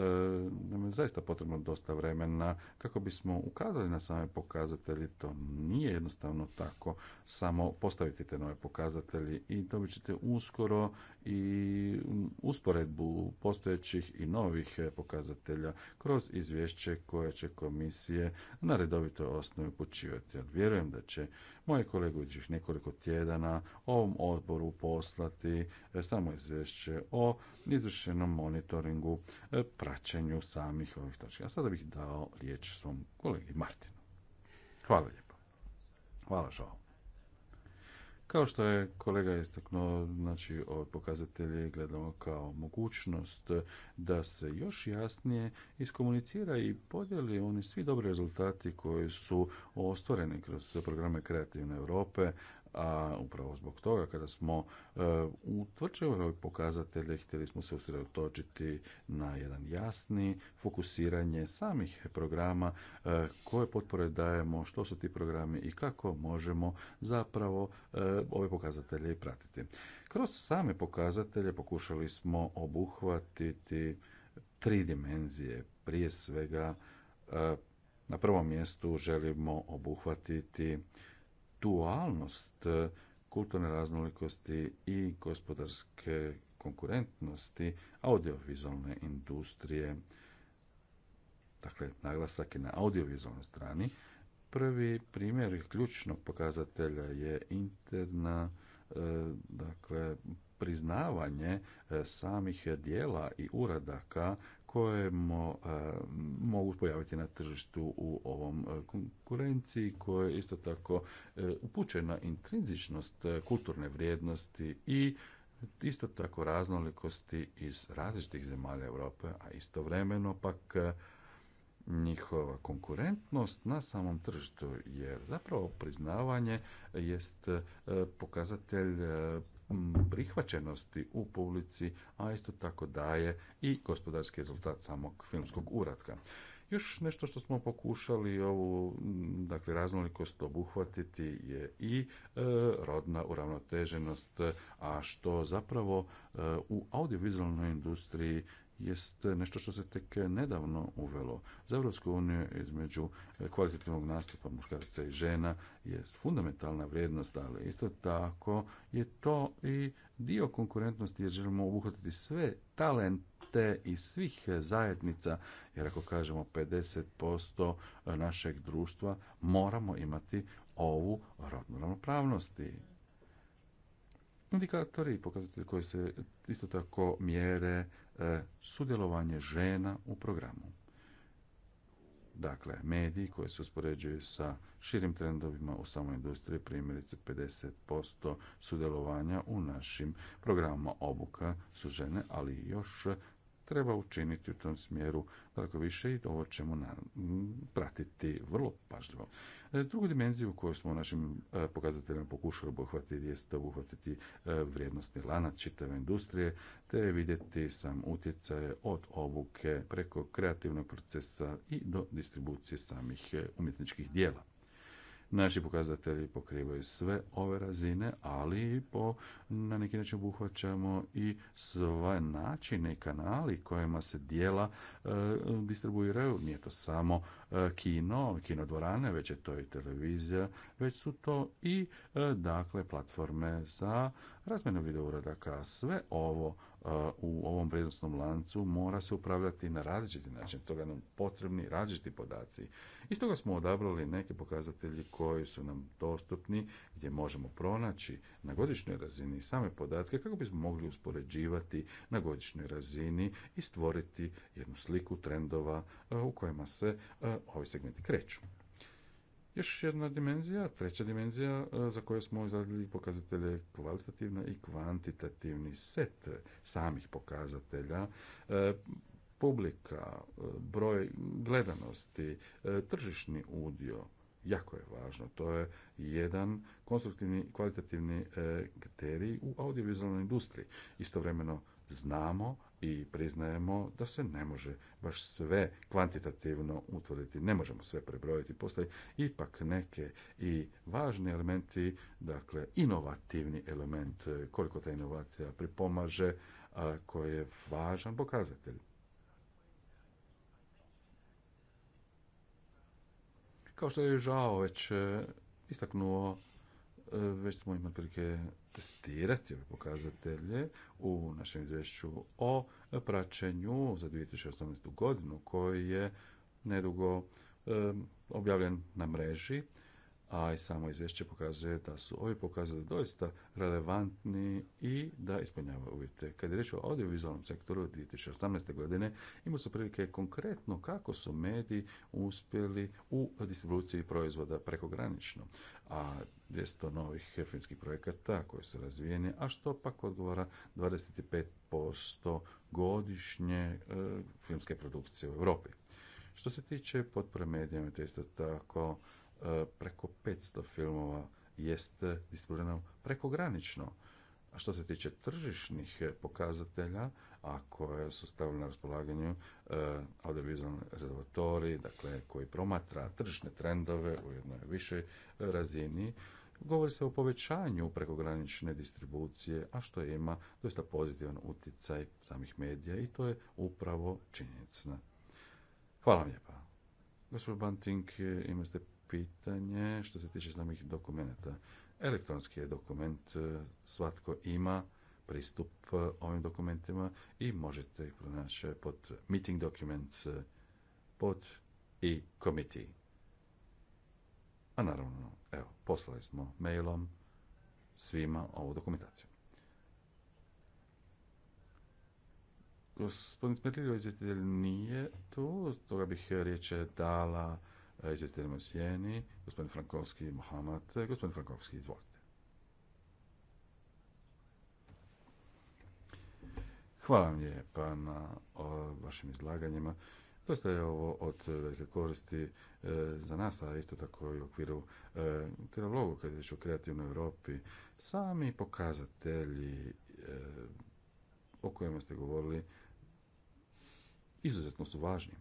B: nam je zaista potrebno dosta vremena kako bismo ukazali na same pokazatelje. To nije jednostavno tako samo postavite te nove pokazatelji i dobit ćete uskoro i usporedbu postojećih i novih e, pokazatelja kroz izvješće koje će komisije na redovitoj osnovi počivati. Vjerujem da će moje kolege nekoliko tjedana ovom odboru poslati e, samo izvješće o izvršenom monitoringu praćenju samih ovih točka. A sada bih dao riječ svom kolegi Martinu. Hvala lijepo. Hvala žao. Kao što je kolega istaknuo, znači ove pokazatelje gledamo kao mogućnost da se još jasnije iskomunicira i podijeli oni svi dobri rezultati koji su ostvoreni kroz programe Kreativne Europe, a upravo zbog toga kada smo e, utvrđivali pokazatelje htjeli smo se usredotočiti na jedan jasni fokusiranje samih programa e, koje potpore dajemo, što su ti programi i kako možemo zapravo e, ove pokazatelje i pratiti. Kroz same pokazatelje pokušali smo obuhvatiti tri dimenzije, prije svega na prvom mjestu želimo obuhvatiti dualnost eh, kulturne raznolikosti i gospodarske konkurentnosti audiovizualne industrije. Dakle, naglasak je na audiovizualnoj strani. Prvi primjer ključnog pokazatelja je interna eh, dakle, priznavanje eh, samih dijela i uradaka koje e, mogu pojaviti na tržištu u ovom e, konkurenciji koje je isto tako e, na intrinzičnost kulturne vrijednosti i isto tako raznolikosti iz različitih zemalja Europe, a istovremeno pak njihova konkurentnost na samom tržištu, jer zapravo priznavanje jest pokazatelj prihvaćenosti u publici, a isto tako daje i gospodarski rezultat samog filmskog uratka. Još nešto što smo pokušali ovu dakle, raznolikost obuhvatiti je i e, rodna uravnoteženost, a što zapravo e, u audiovizualnoj industriji jest nešto što se tek nedavno uvelo. Za Europsku uniju između kvalitativnog nastupa muškaraca i žena jest fundamentalna vrijednost, ali isto tako je to i dio konkurentnosti jer želimo obuhvatiti sve talente i svih zajednica, jer ako kažemo 50% našeg društva moramo imati ovu rodnu ravnopravnosti indikatori i pokazatelji koji se isto tako mjere e, sudjelovanje žena u programu. Dakle, mediji koji se uspoređuju sa širim trendovima u samoj industriji, primjerice 50% sudjelovanja u našim programima obuka su žene, ali još treba učiniti u tom smjeru daleko više i ovo ćemo na, pratiti vrlo pažljivo. E, drugu dimenziju koju smo u našim e, pokazateljima pokušali obuhvatiti jeste obuhvatiti e, vrijednostni lanac čitave industrije te vidjeti sam utjecaj od obuke preko kreativnog procesa i do distribucije samih umjetničkih dijela. Naši pokazatelji pokrivaju sve ove razine, ali po, na neki način obuhvaćamo i sve načine i kanali kojima se dijela e, distribuiraju. Nije to samo E, kino, kinodvorane, već je to i televizija, već su to i e, dakle platforme za razmjenu uradaka Sve ovo e, u ovom vrijednostnom lancu mora se upravljati na različiti način. Toga nam potrebni različiti podaci. Iz toga smo odabrali neke pokazatelji koji su nam dostupni, gdje možemo pronaći na godišnjoj razini same podatke kako bismo mogli uspoređivati na godišnjoj razini i stvoriti jednu sliku trendova u kojima se ovi segmenti kreću. Još jedna dimenzija, treća dimenzija e, za koju smo izradili pokazatelje kvalitativna i kvantitativni set samih pokazatelja, e, publika, e, broj gledanosti, tržišni udio, jako je važno. To je jedan konstruktivni kvalitativni kriterij u audiovizualnoj industriji. Istovremeno znamo i priznajemo da se ne može baš sve kvantitativno utvrditi, ne možemo sve prebrojiti, postoje ipak neke i važni elementi, dakle inovativni element, koliko ta inovacija pripomaže, koji je važan pokazatelj. Kao što je žao već eh, istaknuo E, već smo imali prilike testirati ove pokazatelje u našem izvješću o praćenju za 2018. godinu koji je nedugo e, objavljen na mreži a i samo izvješće pokazuje da su ovi pokazali doista relevantni i da ispunjavaju uvjete. Kad je riječ o audiovizualnom sektoru 2018. godine, imao su prilike konkretno kako su mediji uspjeli u distribuciji proizvoda prekogranično, a 200 novih filmskih projekata koji su razvijeni, a što pak odgovara 25% godišnje e, filmske produkcije u Europi. Što se tiče potpore medijama, to isto tako E, preko 500 filmova jest distribuirano prekogranično. A što se tiče tržišnih pokazatelja, a koje su stavili na raspolaganju e, audiovizualni rezervatori, dakle koji promatra tržišne trendove u jednoj višoj razini, govori se o povećanju prekogranične distribucije, a što ima doista pozitivan utjecaj samih medija i to je upravo činjenica. Hvala vam lijepa. Gospod Banting, imate pitanje što se tiče samih dokumenta. Elektronski je dokument, e, svatko ima pristup e, ovim dokumentima i možete ih pronaći pod meeting dokument e, pod i committee. A naravno, evo, poslali smo mailom svima ovu dokumentaciju. Gospodin Smetljivo izvjestitelj nije tu, toga bih riječ dala E, u Sjeni, gospodin Frankovski i Mohamed. E, gospodin Frankovski, izvolite. Hvala vam lijepa na vašim izlaganjima. Dosta je ovo od velike koristi e, za nas, a isto tako i u okviru teologu kad je riječ kreativnoj Europi. Sami pokazatelji o kojima ste govorili izuzetno su važni.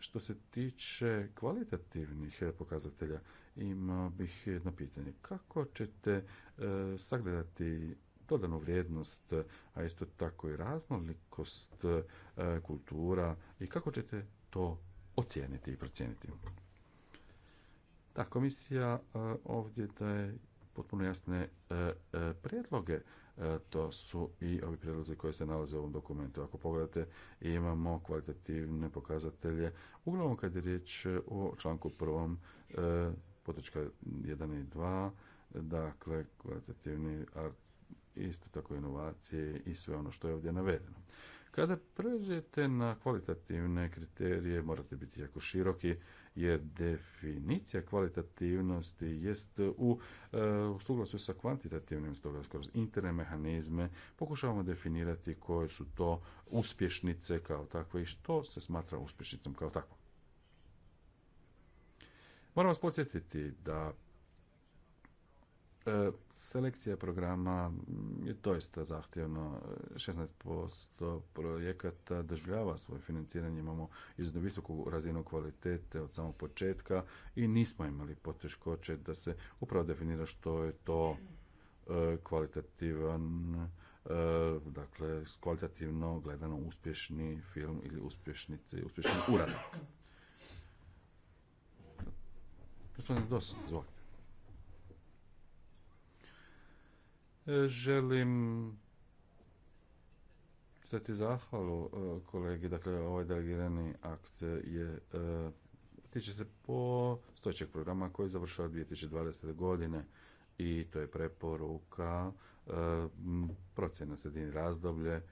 B: Što se tiče kvalitativnih eh, pokazatelja, ima bih jedno pitanje. Kako ćete eh, sagledati dodanu vrijednost, a isto tako i raznolikost eh, kultura i kako ćete to ocijeniti i procijeniti? Ta komisija ovdje daje potpuno jasne prijedloge E, to su i ovi prijedlozi koji se nalaze u ovom dokumentu. Ako pogledate, imamo kvalitativne pokazatelje. Uglavnom, kad je riječ o članku prvom, e, potočka 1 i 2, dakle, kvalitativni art, isto tako inovacije i sve ono što je ovdje navedeno. Kada pređete na kvalitativne kriterije, morate biti jako široki jer definicija kvalitativnosti jest u, e, u suglasju sa kvantitativnim, stoga kroz interne mehanizme pokušavamo definirati koje su to uspješnice kao takve i što se smatra uspješnicom kao takvom. Moram vas podsjetiti da E, selekcija programa je doista zahtjevno. 16% projekata doživljava svoje financiranje. Imamo izuzetno visoku razinu kvalitete od samog početka i nismo imali poteškoće da se upravo definira što je to e, kvalitativan e, dakle kvalitativno gledano uspješni film ili uspješnici, uspješni uradak. Gospodine Dos, izvolite. E, želim ti zahvalu e, kolegi, dakle ovaj delegirani akt je e, tiče se po stojećeg programa koji završava 2020. godine i to je preporuka procjena sredini razdoblje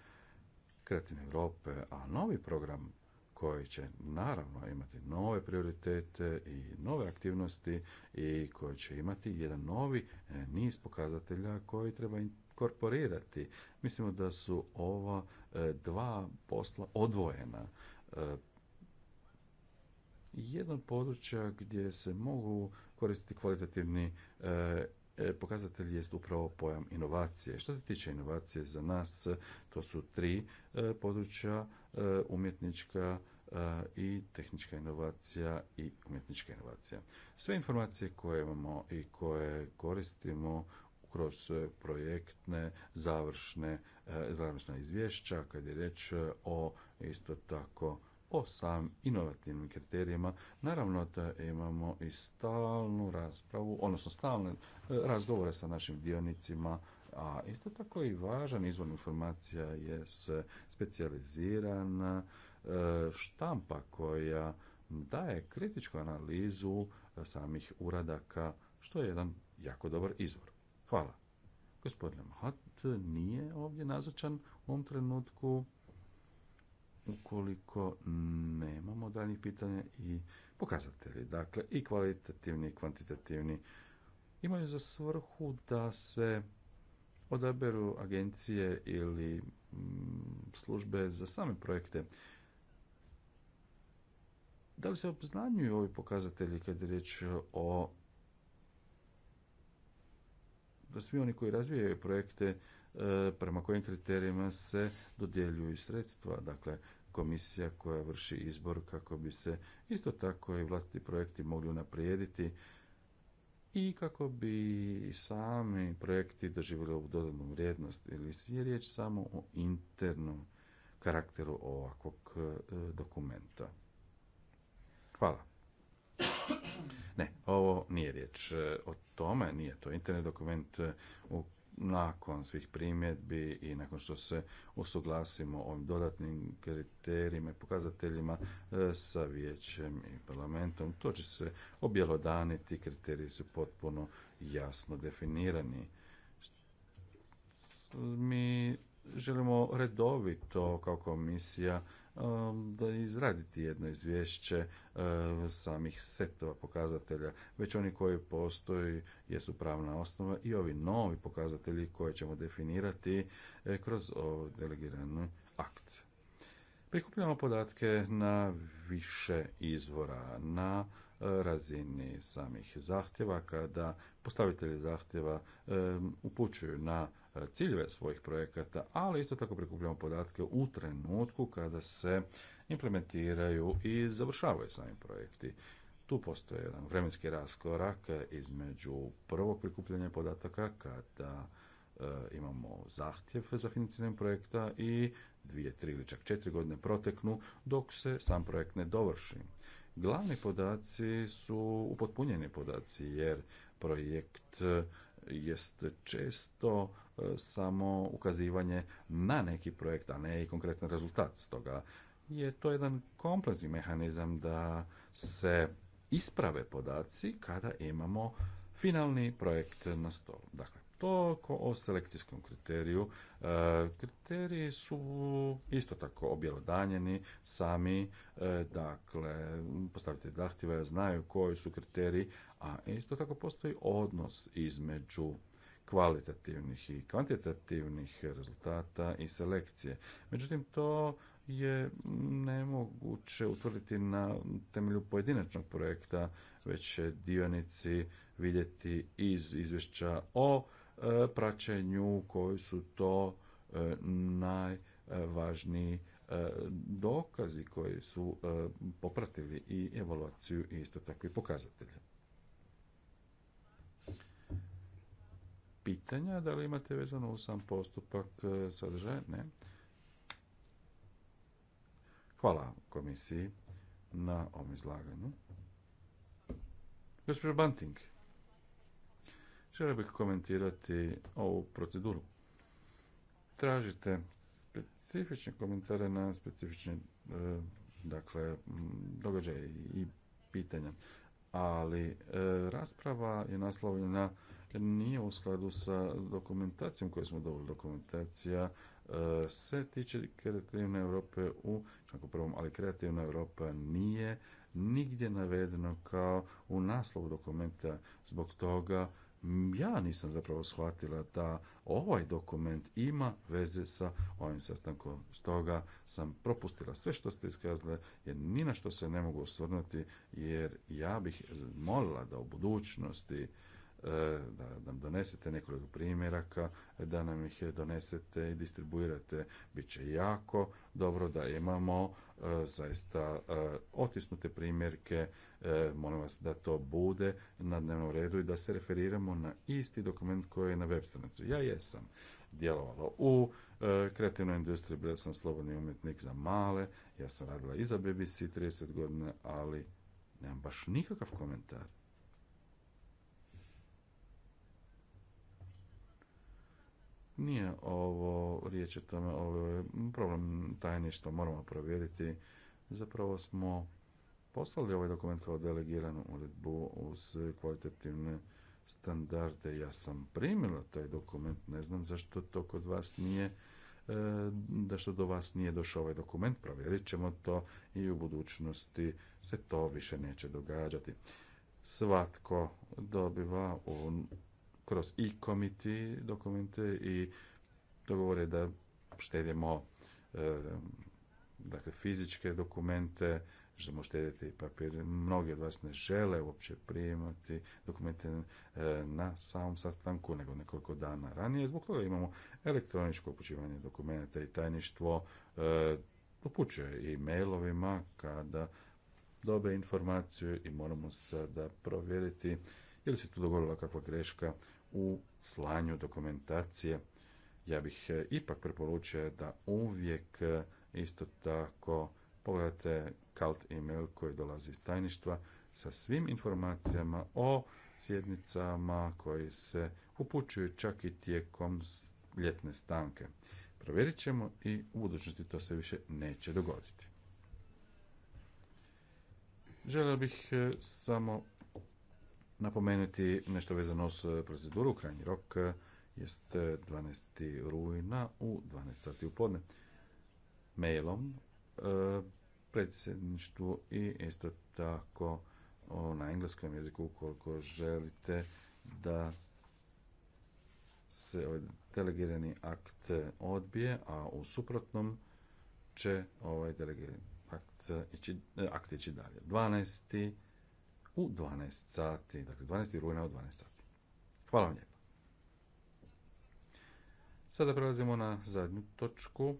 B: kreativne Europe, a novi program koji će naravno imati nove prioritete i nove aktivnosti i koji će imati jedan novi e, niz pokazatelja koji treba inkorporirati. Mislimo da su ova e, dva posla odvojena. E, jedan područja gdje se mogu koristiti kvalitativni E, pokazatelj jest upravo pojam inovacije. Što se tiče inovacije za nas, to su tri e, područja, e, umjetnička i tehnička inovacija i umjetnička inovacija. Sve informacije koje imamo i koje koristimo kroz projektne, završne, završna izvješća, kad je reč o isto tako o sam inovativnim kriterijima. Naravno da imamo i stalnu raspravu, odnosno stalne e, razgovore sa našim dionicima, a isto tako i važan izvor informacija je specijalizirana e, štampa koja daje kritičku analizu e, samih uradaka, što je jedan jako dobar izvor. Hvala. Gospodin Mahat nije ovdje nazočan u ovom trenutku ukoliko nemamo daljnjih pitanja i pokazatelji, dakle i kvalitativni i kvantitativni, imaju za svrhu da se odaberu agencije ili mm, službe za same projekte. Da li se obznanjuju ovi pokazatelji kad je riječ o da svi oni koji razvijaju projekte e, prema kojim kriterijima se dodjeljuju sredstva. Dakle, komisija koja vrši izbor kako bi se isto tako i vlastiti projekti mogli unaprijediti i kako bi sami projekti doživjeli ovu dodatnu vrijednost ili je riječ samo o internom karakteru ovakvog e, dokumenta. Hvala. Ne, ovo nije riječ e, o tome, nije to internet dokument e, u nakon svih primjedbi i nakon što se usuglasimo ovim dodatnim kriterijima i pokazateljima e, sa vijećem i parlamentom, to će se objelodaniti, kriteriji su potpuno jasno definirani. Mi želimo redovito kao komisija Um, da izraditi jedno izvješće uh, samih setova pokazatelja, već oni koji postoji jesu pravna osnova i ovi novi pokazatelji koje ćemo definirati e, kroz ovaj delegirani akt. Prikupljamo podatke na više izvora, na e, razini samih zahtjeva, kada postavitelji zahtjeva e, upućuju na E, ciljeve svojih projekata, ali isto tako prikupljamo podatke u trenutku kada se implementiraju i završavaju sami projekti. Tu postoji jedan vremenski raskorak između prvog prikupljanja podataka kada e, imamo zahtjev za financiranje projekta i dvije, tri ili čak četiri godine proteknu dok se sam projekt ne dovrši. Glavni podaci su upotpunjeni podaci jer projekt jest često e, samo ukazivanje na neki projekt, a ne i konkretan rezultat. Stoga je to jedan komplezni mehanizam da se isprave podaci kada imamo finalni projekt na stolu. Dakle, to o selekcijskom kriteriju. E, kriteriji su isto tako objelodanjeni sami, e, dakle, postavite zahtjeva znaju koji su kriteriji, a isto tako postoji odnos između kvalitativnih i kvantitativnih rezultata i selekcije. Međutim, to je nemoguće utvrditi na temelju pojedinačnog projekta, već će dionici vidjeti iz izvješća o E, praćenju koji su to e, najvažniji e, dokazi koji su popratili i evaluaciju i isto tako i pokazatelje. Pitanja, da li imate vezano u sam postupak sadržaja? Ne. Hvala komisiji na ovom izlaganju. Gospodin Banting. Želio bih komentirati ovu proceduru. Tražite specifične komentare na specifične e, dakle, događaje i pitanja. Ali e, rasprava je naslovljena nije u skladu sa dokumentacijom koju smo dobili. Dokumentacija e, se tiče kreativne Europe u prvom, ali kreativna Europa nije nigdje navedeno kao u naslovu dokumenta. Zbog toga ja nisam zapravo shvatila da ovaj dokument ima veze sa ovim sastankom. Stoga sam propustila sve što ste iskazali, jer ni na što se ne mogu osvrnuti, jer ja bih molila da u budućnosti E, da nam donesete nekoliko primjeraka, da nam ih donesete i distribuirate. će jako dobro da imamo e, zaista e, otisnute primjerke. Molim vas da to bude na dnevnom redu i da se referiramo na isti dokument koji je na web stranicu. Ja jesam djelovala u kreativnoj industriji, bila sam slobodni umjetnik za male, ja sam radila i za BBC 30 godina, ali nemam baš nikakav komentar. Nije ovo riječ o tome, ovo je problem tajništva, moramo provjeriti. Zapravo smo poslali ovaj dokument kao delegiranu uredbu uz kvalitativne standarde. Ja sam primila taj dokument, ne znam zašto to kod vas nije e, da što do vas nije došao ovaj dokument, provjerit ćemo to i u budućnosti se to više neće događati. Svatko dobiva kroz i komiti dokumente i dogovore da štedimo e, dakle, fizičke dokumente, možemo štediti papir. Mnogi od vas ne žele uopće primati dokumente e, na samom sastanku, nego nekoliko dana ranije. Zbog toga imamo elektroničko upućivanje dokumenta i tajništvo e, upućuje i mailovima kada dobe informaciju i moramo sada provjeriti je li se tu dogodila kakva greška u slanju dokumentacije. Ja bih e, ipak preporučio da uvijek e, isto tako pogledate kalt email koji dolazi iz tajništva sa svim informacijama o sjednicama koji se upućuju čak i tijekom ljetne stanke. Provjerit ćemo i u budućnosti to se više neće dogoditi. Želio bih e, samo napomenuti nešto vezano s eh, proceduru. Krajnji rok eh, jest 12. Eh, rujna u 12 sati u podne. Mailom predsjedništvu i isto tako na engleskom jeziku ukoliko želite da se ovaj delegirani akt odbije, a u suprotnom će ovaj delegirani akt ići, akt dalje. 12 u 12 sati, dakle 12. rujna u 12 sati. Hvala vam lijepo. Sada prelazimo na zadnju točku.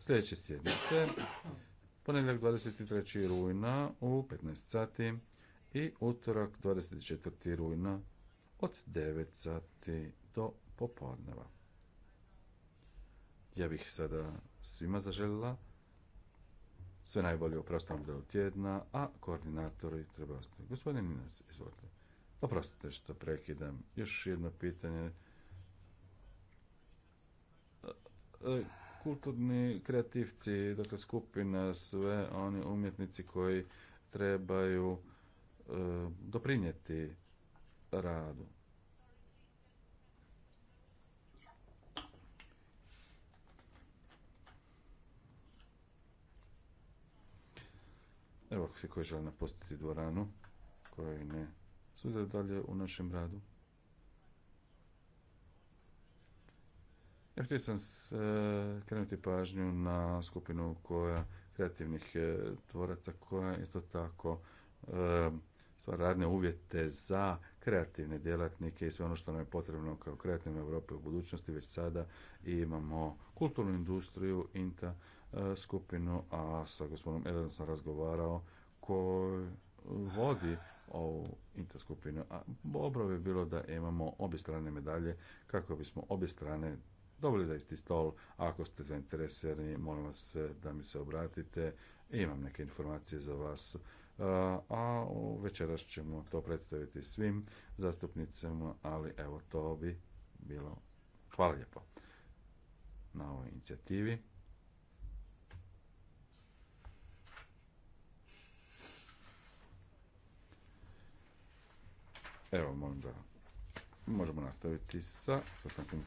B: Sljedeće sjednice, ponedjeljak 23. rujna u 15 sati i utorak 24. rujna od 9 sati do popodneva. Ja bih sada svima zaželjela sve najbolje u prostom delu tjedna, a koordinatori treba ostati. Gospodin Minas, izvolite. Oprostite što prekidam. Još jedno pitanje. E, kulturni kreativci, dakle skupina, sve oni umjetnici koji trebaju e, doprinijeti radu. Evo, si koji žele napustiti dvoranu, koji ne sudjeluju dalje u našem radu. Ja htio sam e, krenuti pažnju na skupinu koja kreativnih e, tvoraca koja isto tako e, stvara radne uvjete za kreativne djelatnike i sve ono što nam je potrebno kao kreativne Europe u budućnosti, već sada i imamo kulturnu industriju, INTA, E, skupinu, a sa gospodinom Edom sam razgovarao koji vodi ovu interskupinu. A dobro bi bilo da imamo obje strane medalje kako bismo obje strane dobili za isti stol. Ako ste zainteresirani, molim vas da mi se obratite. Imam neke informacije za vas. E, a večeras ćemo to predstaviti svim zastupnicima, ali evo to bi bilo. Hvala lijepo na ovoj inicijativi.
C: Evo, molim možemo nastaviti sa sastankom.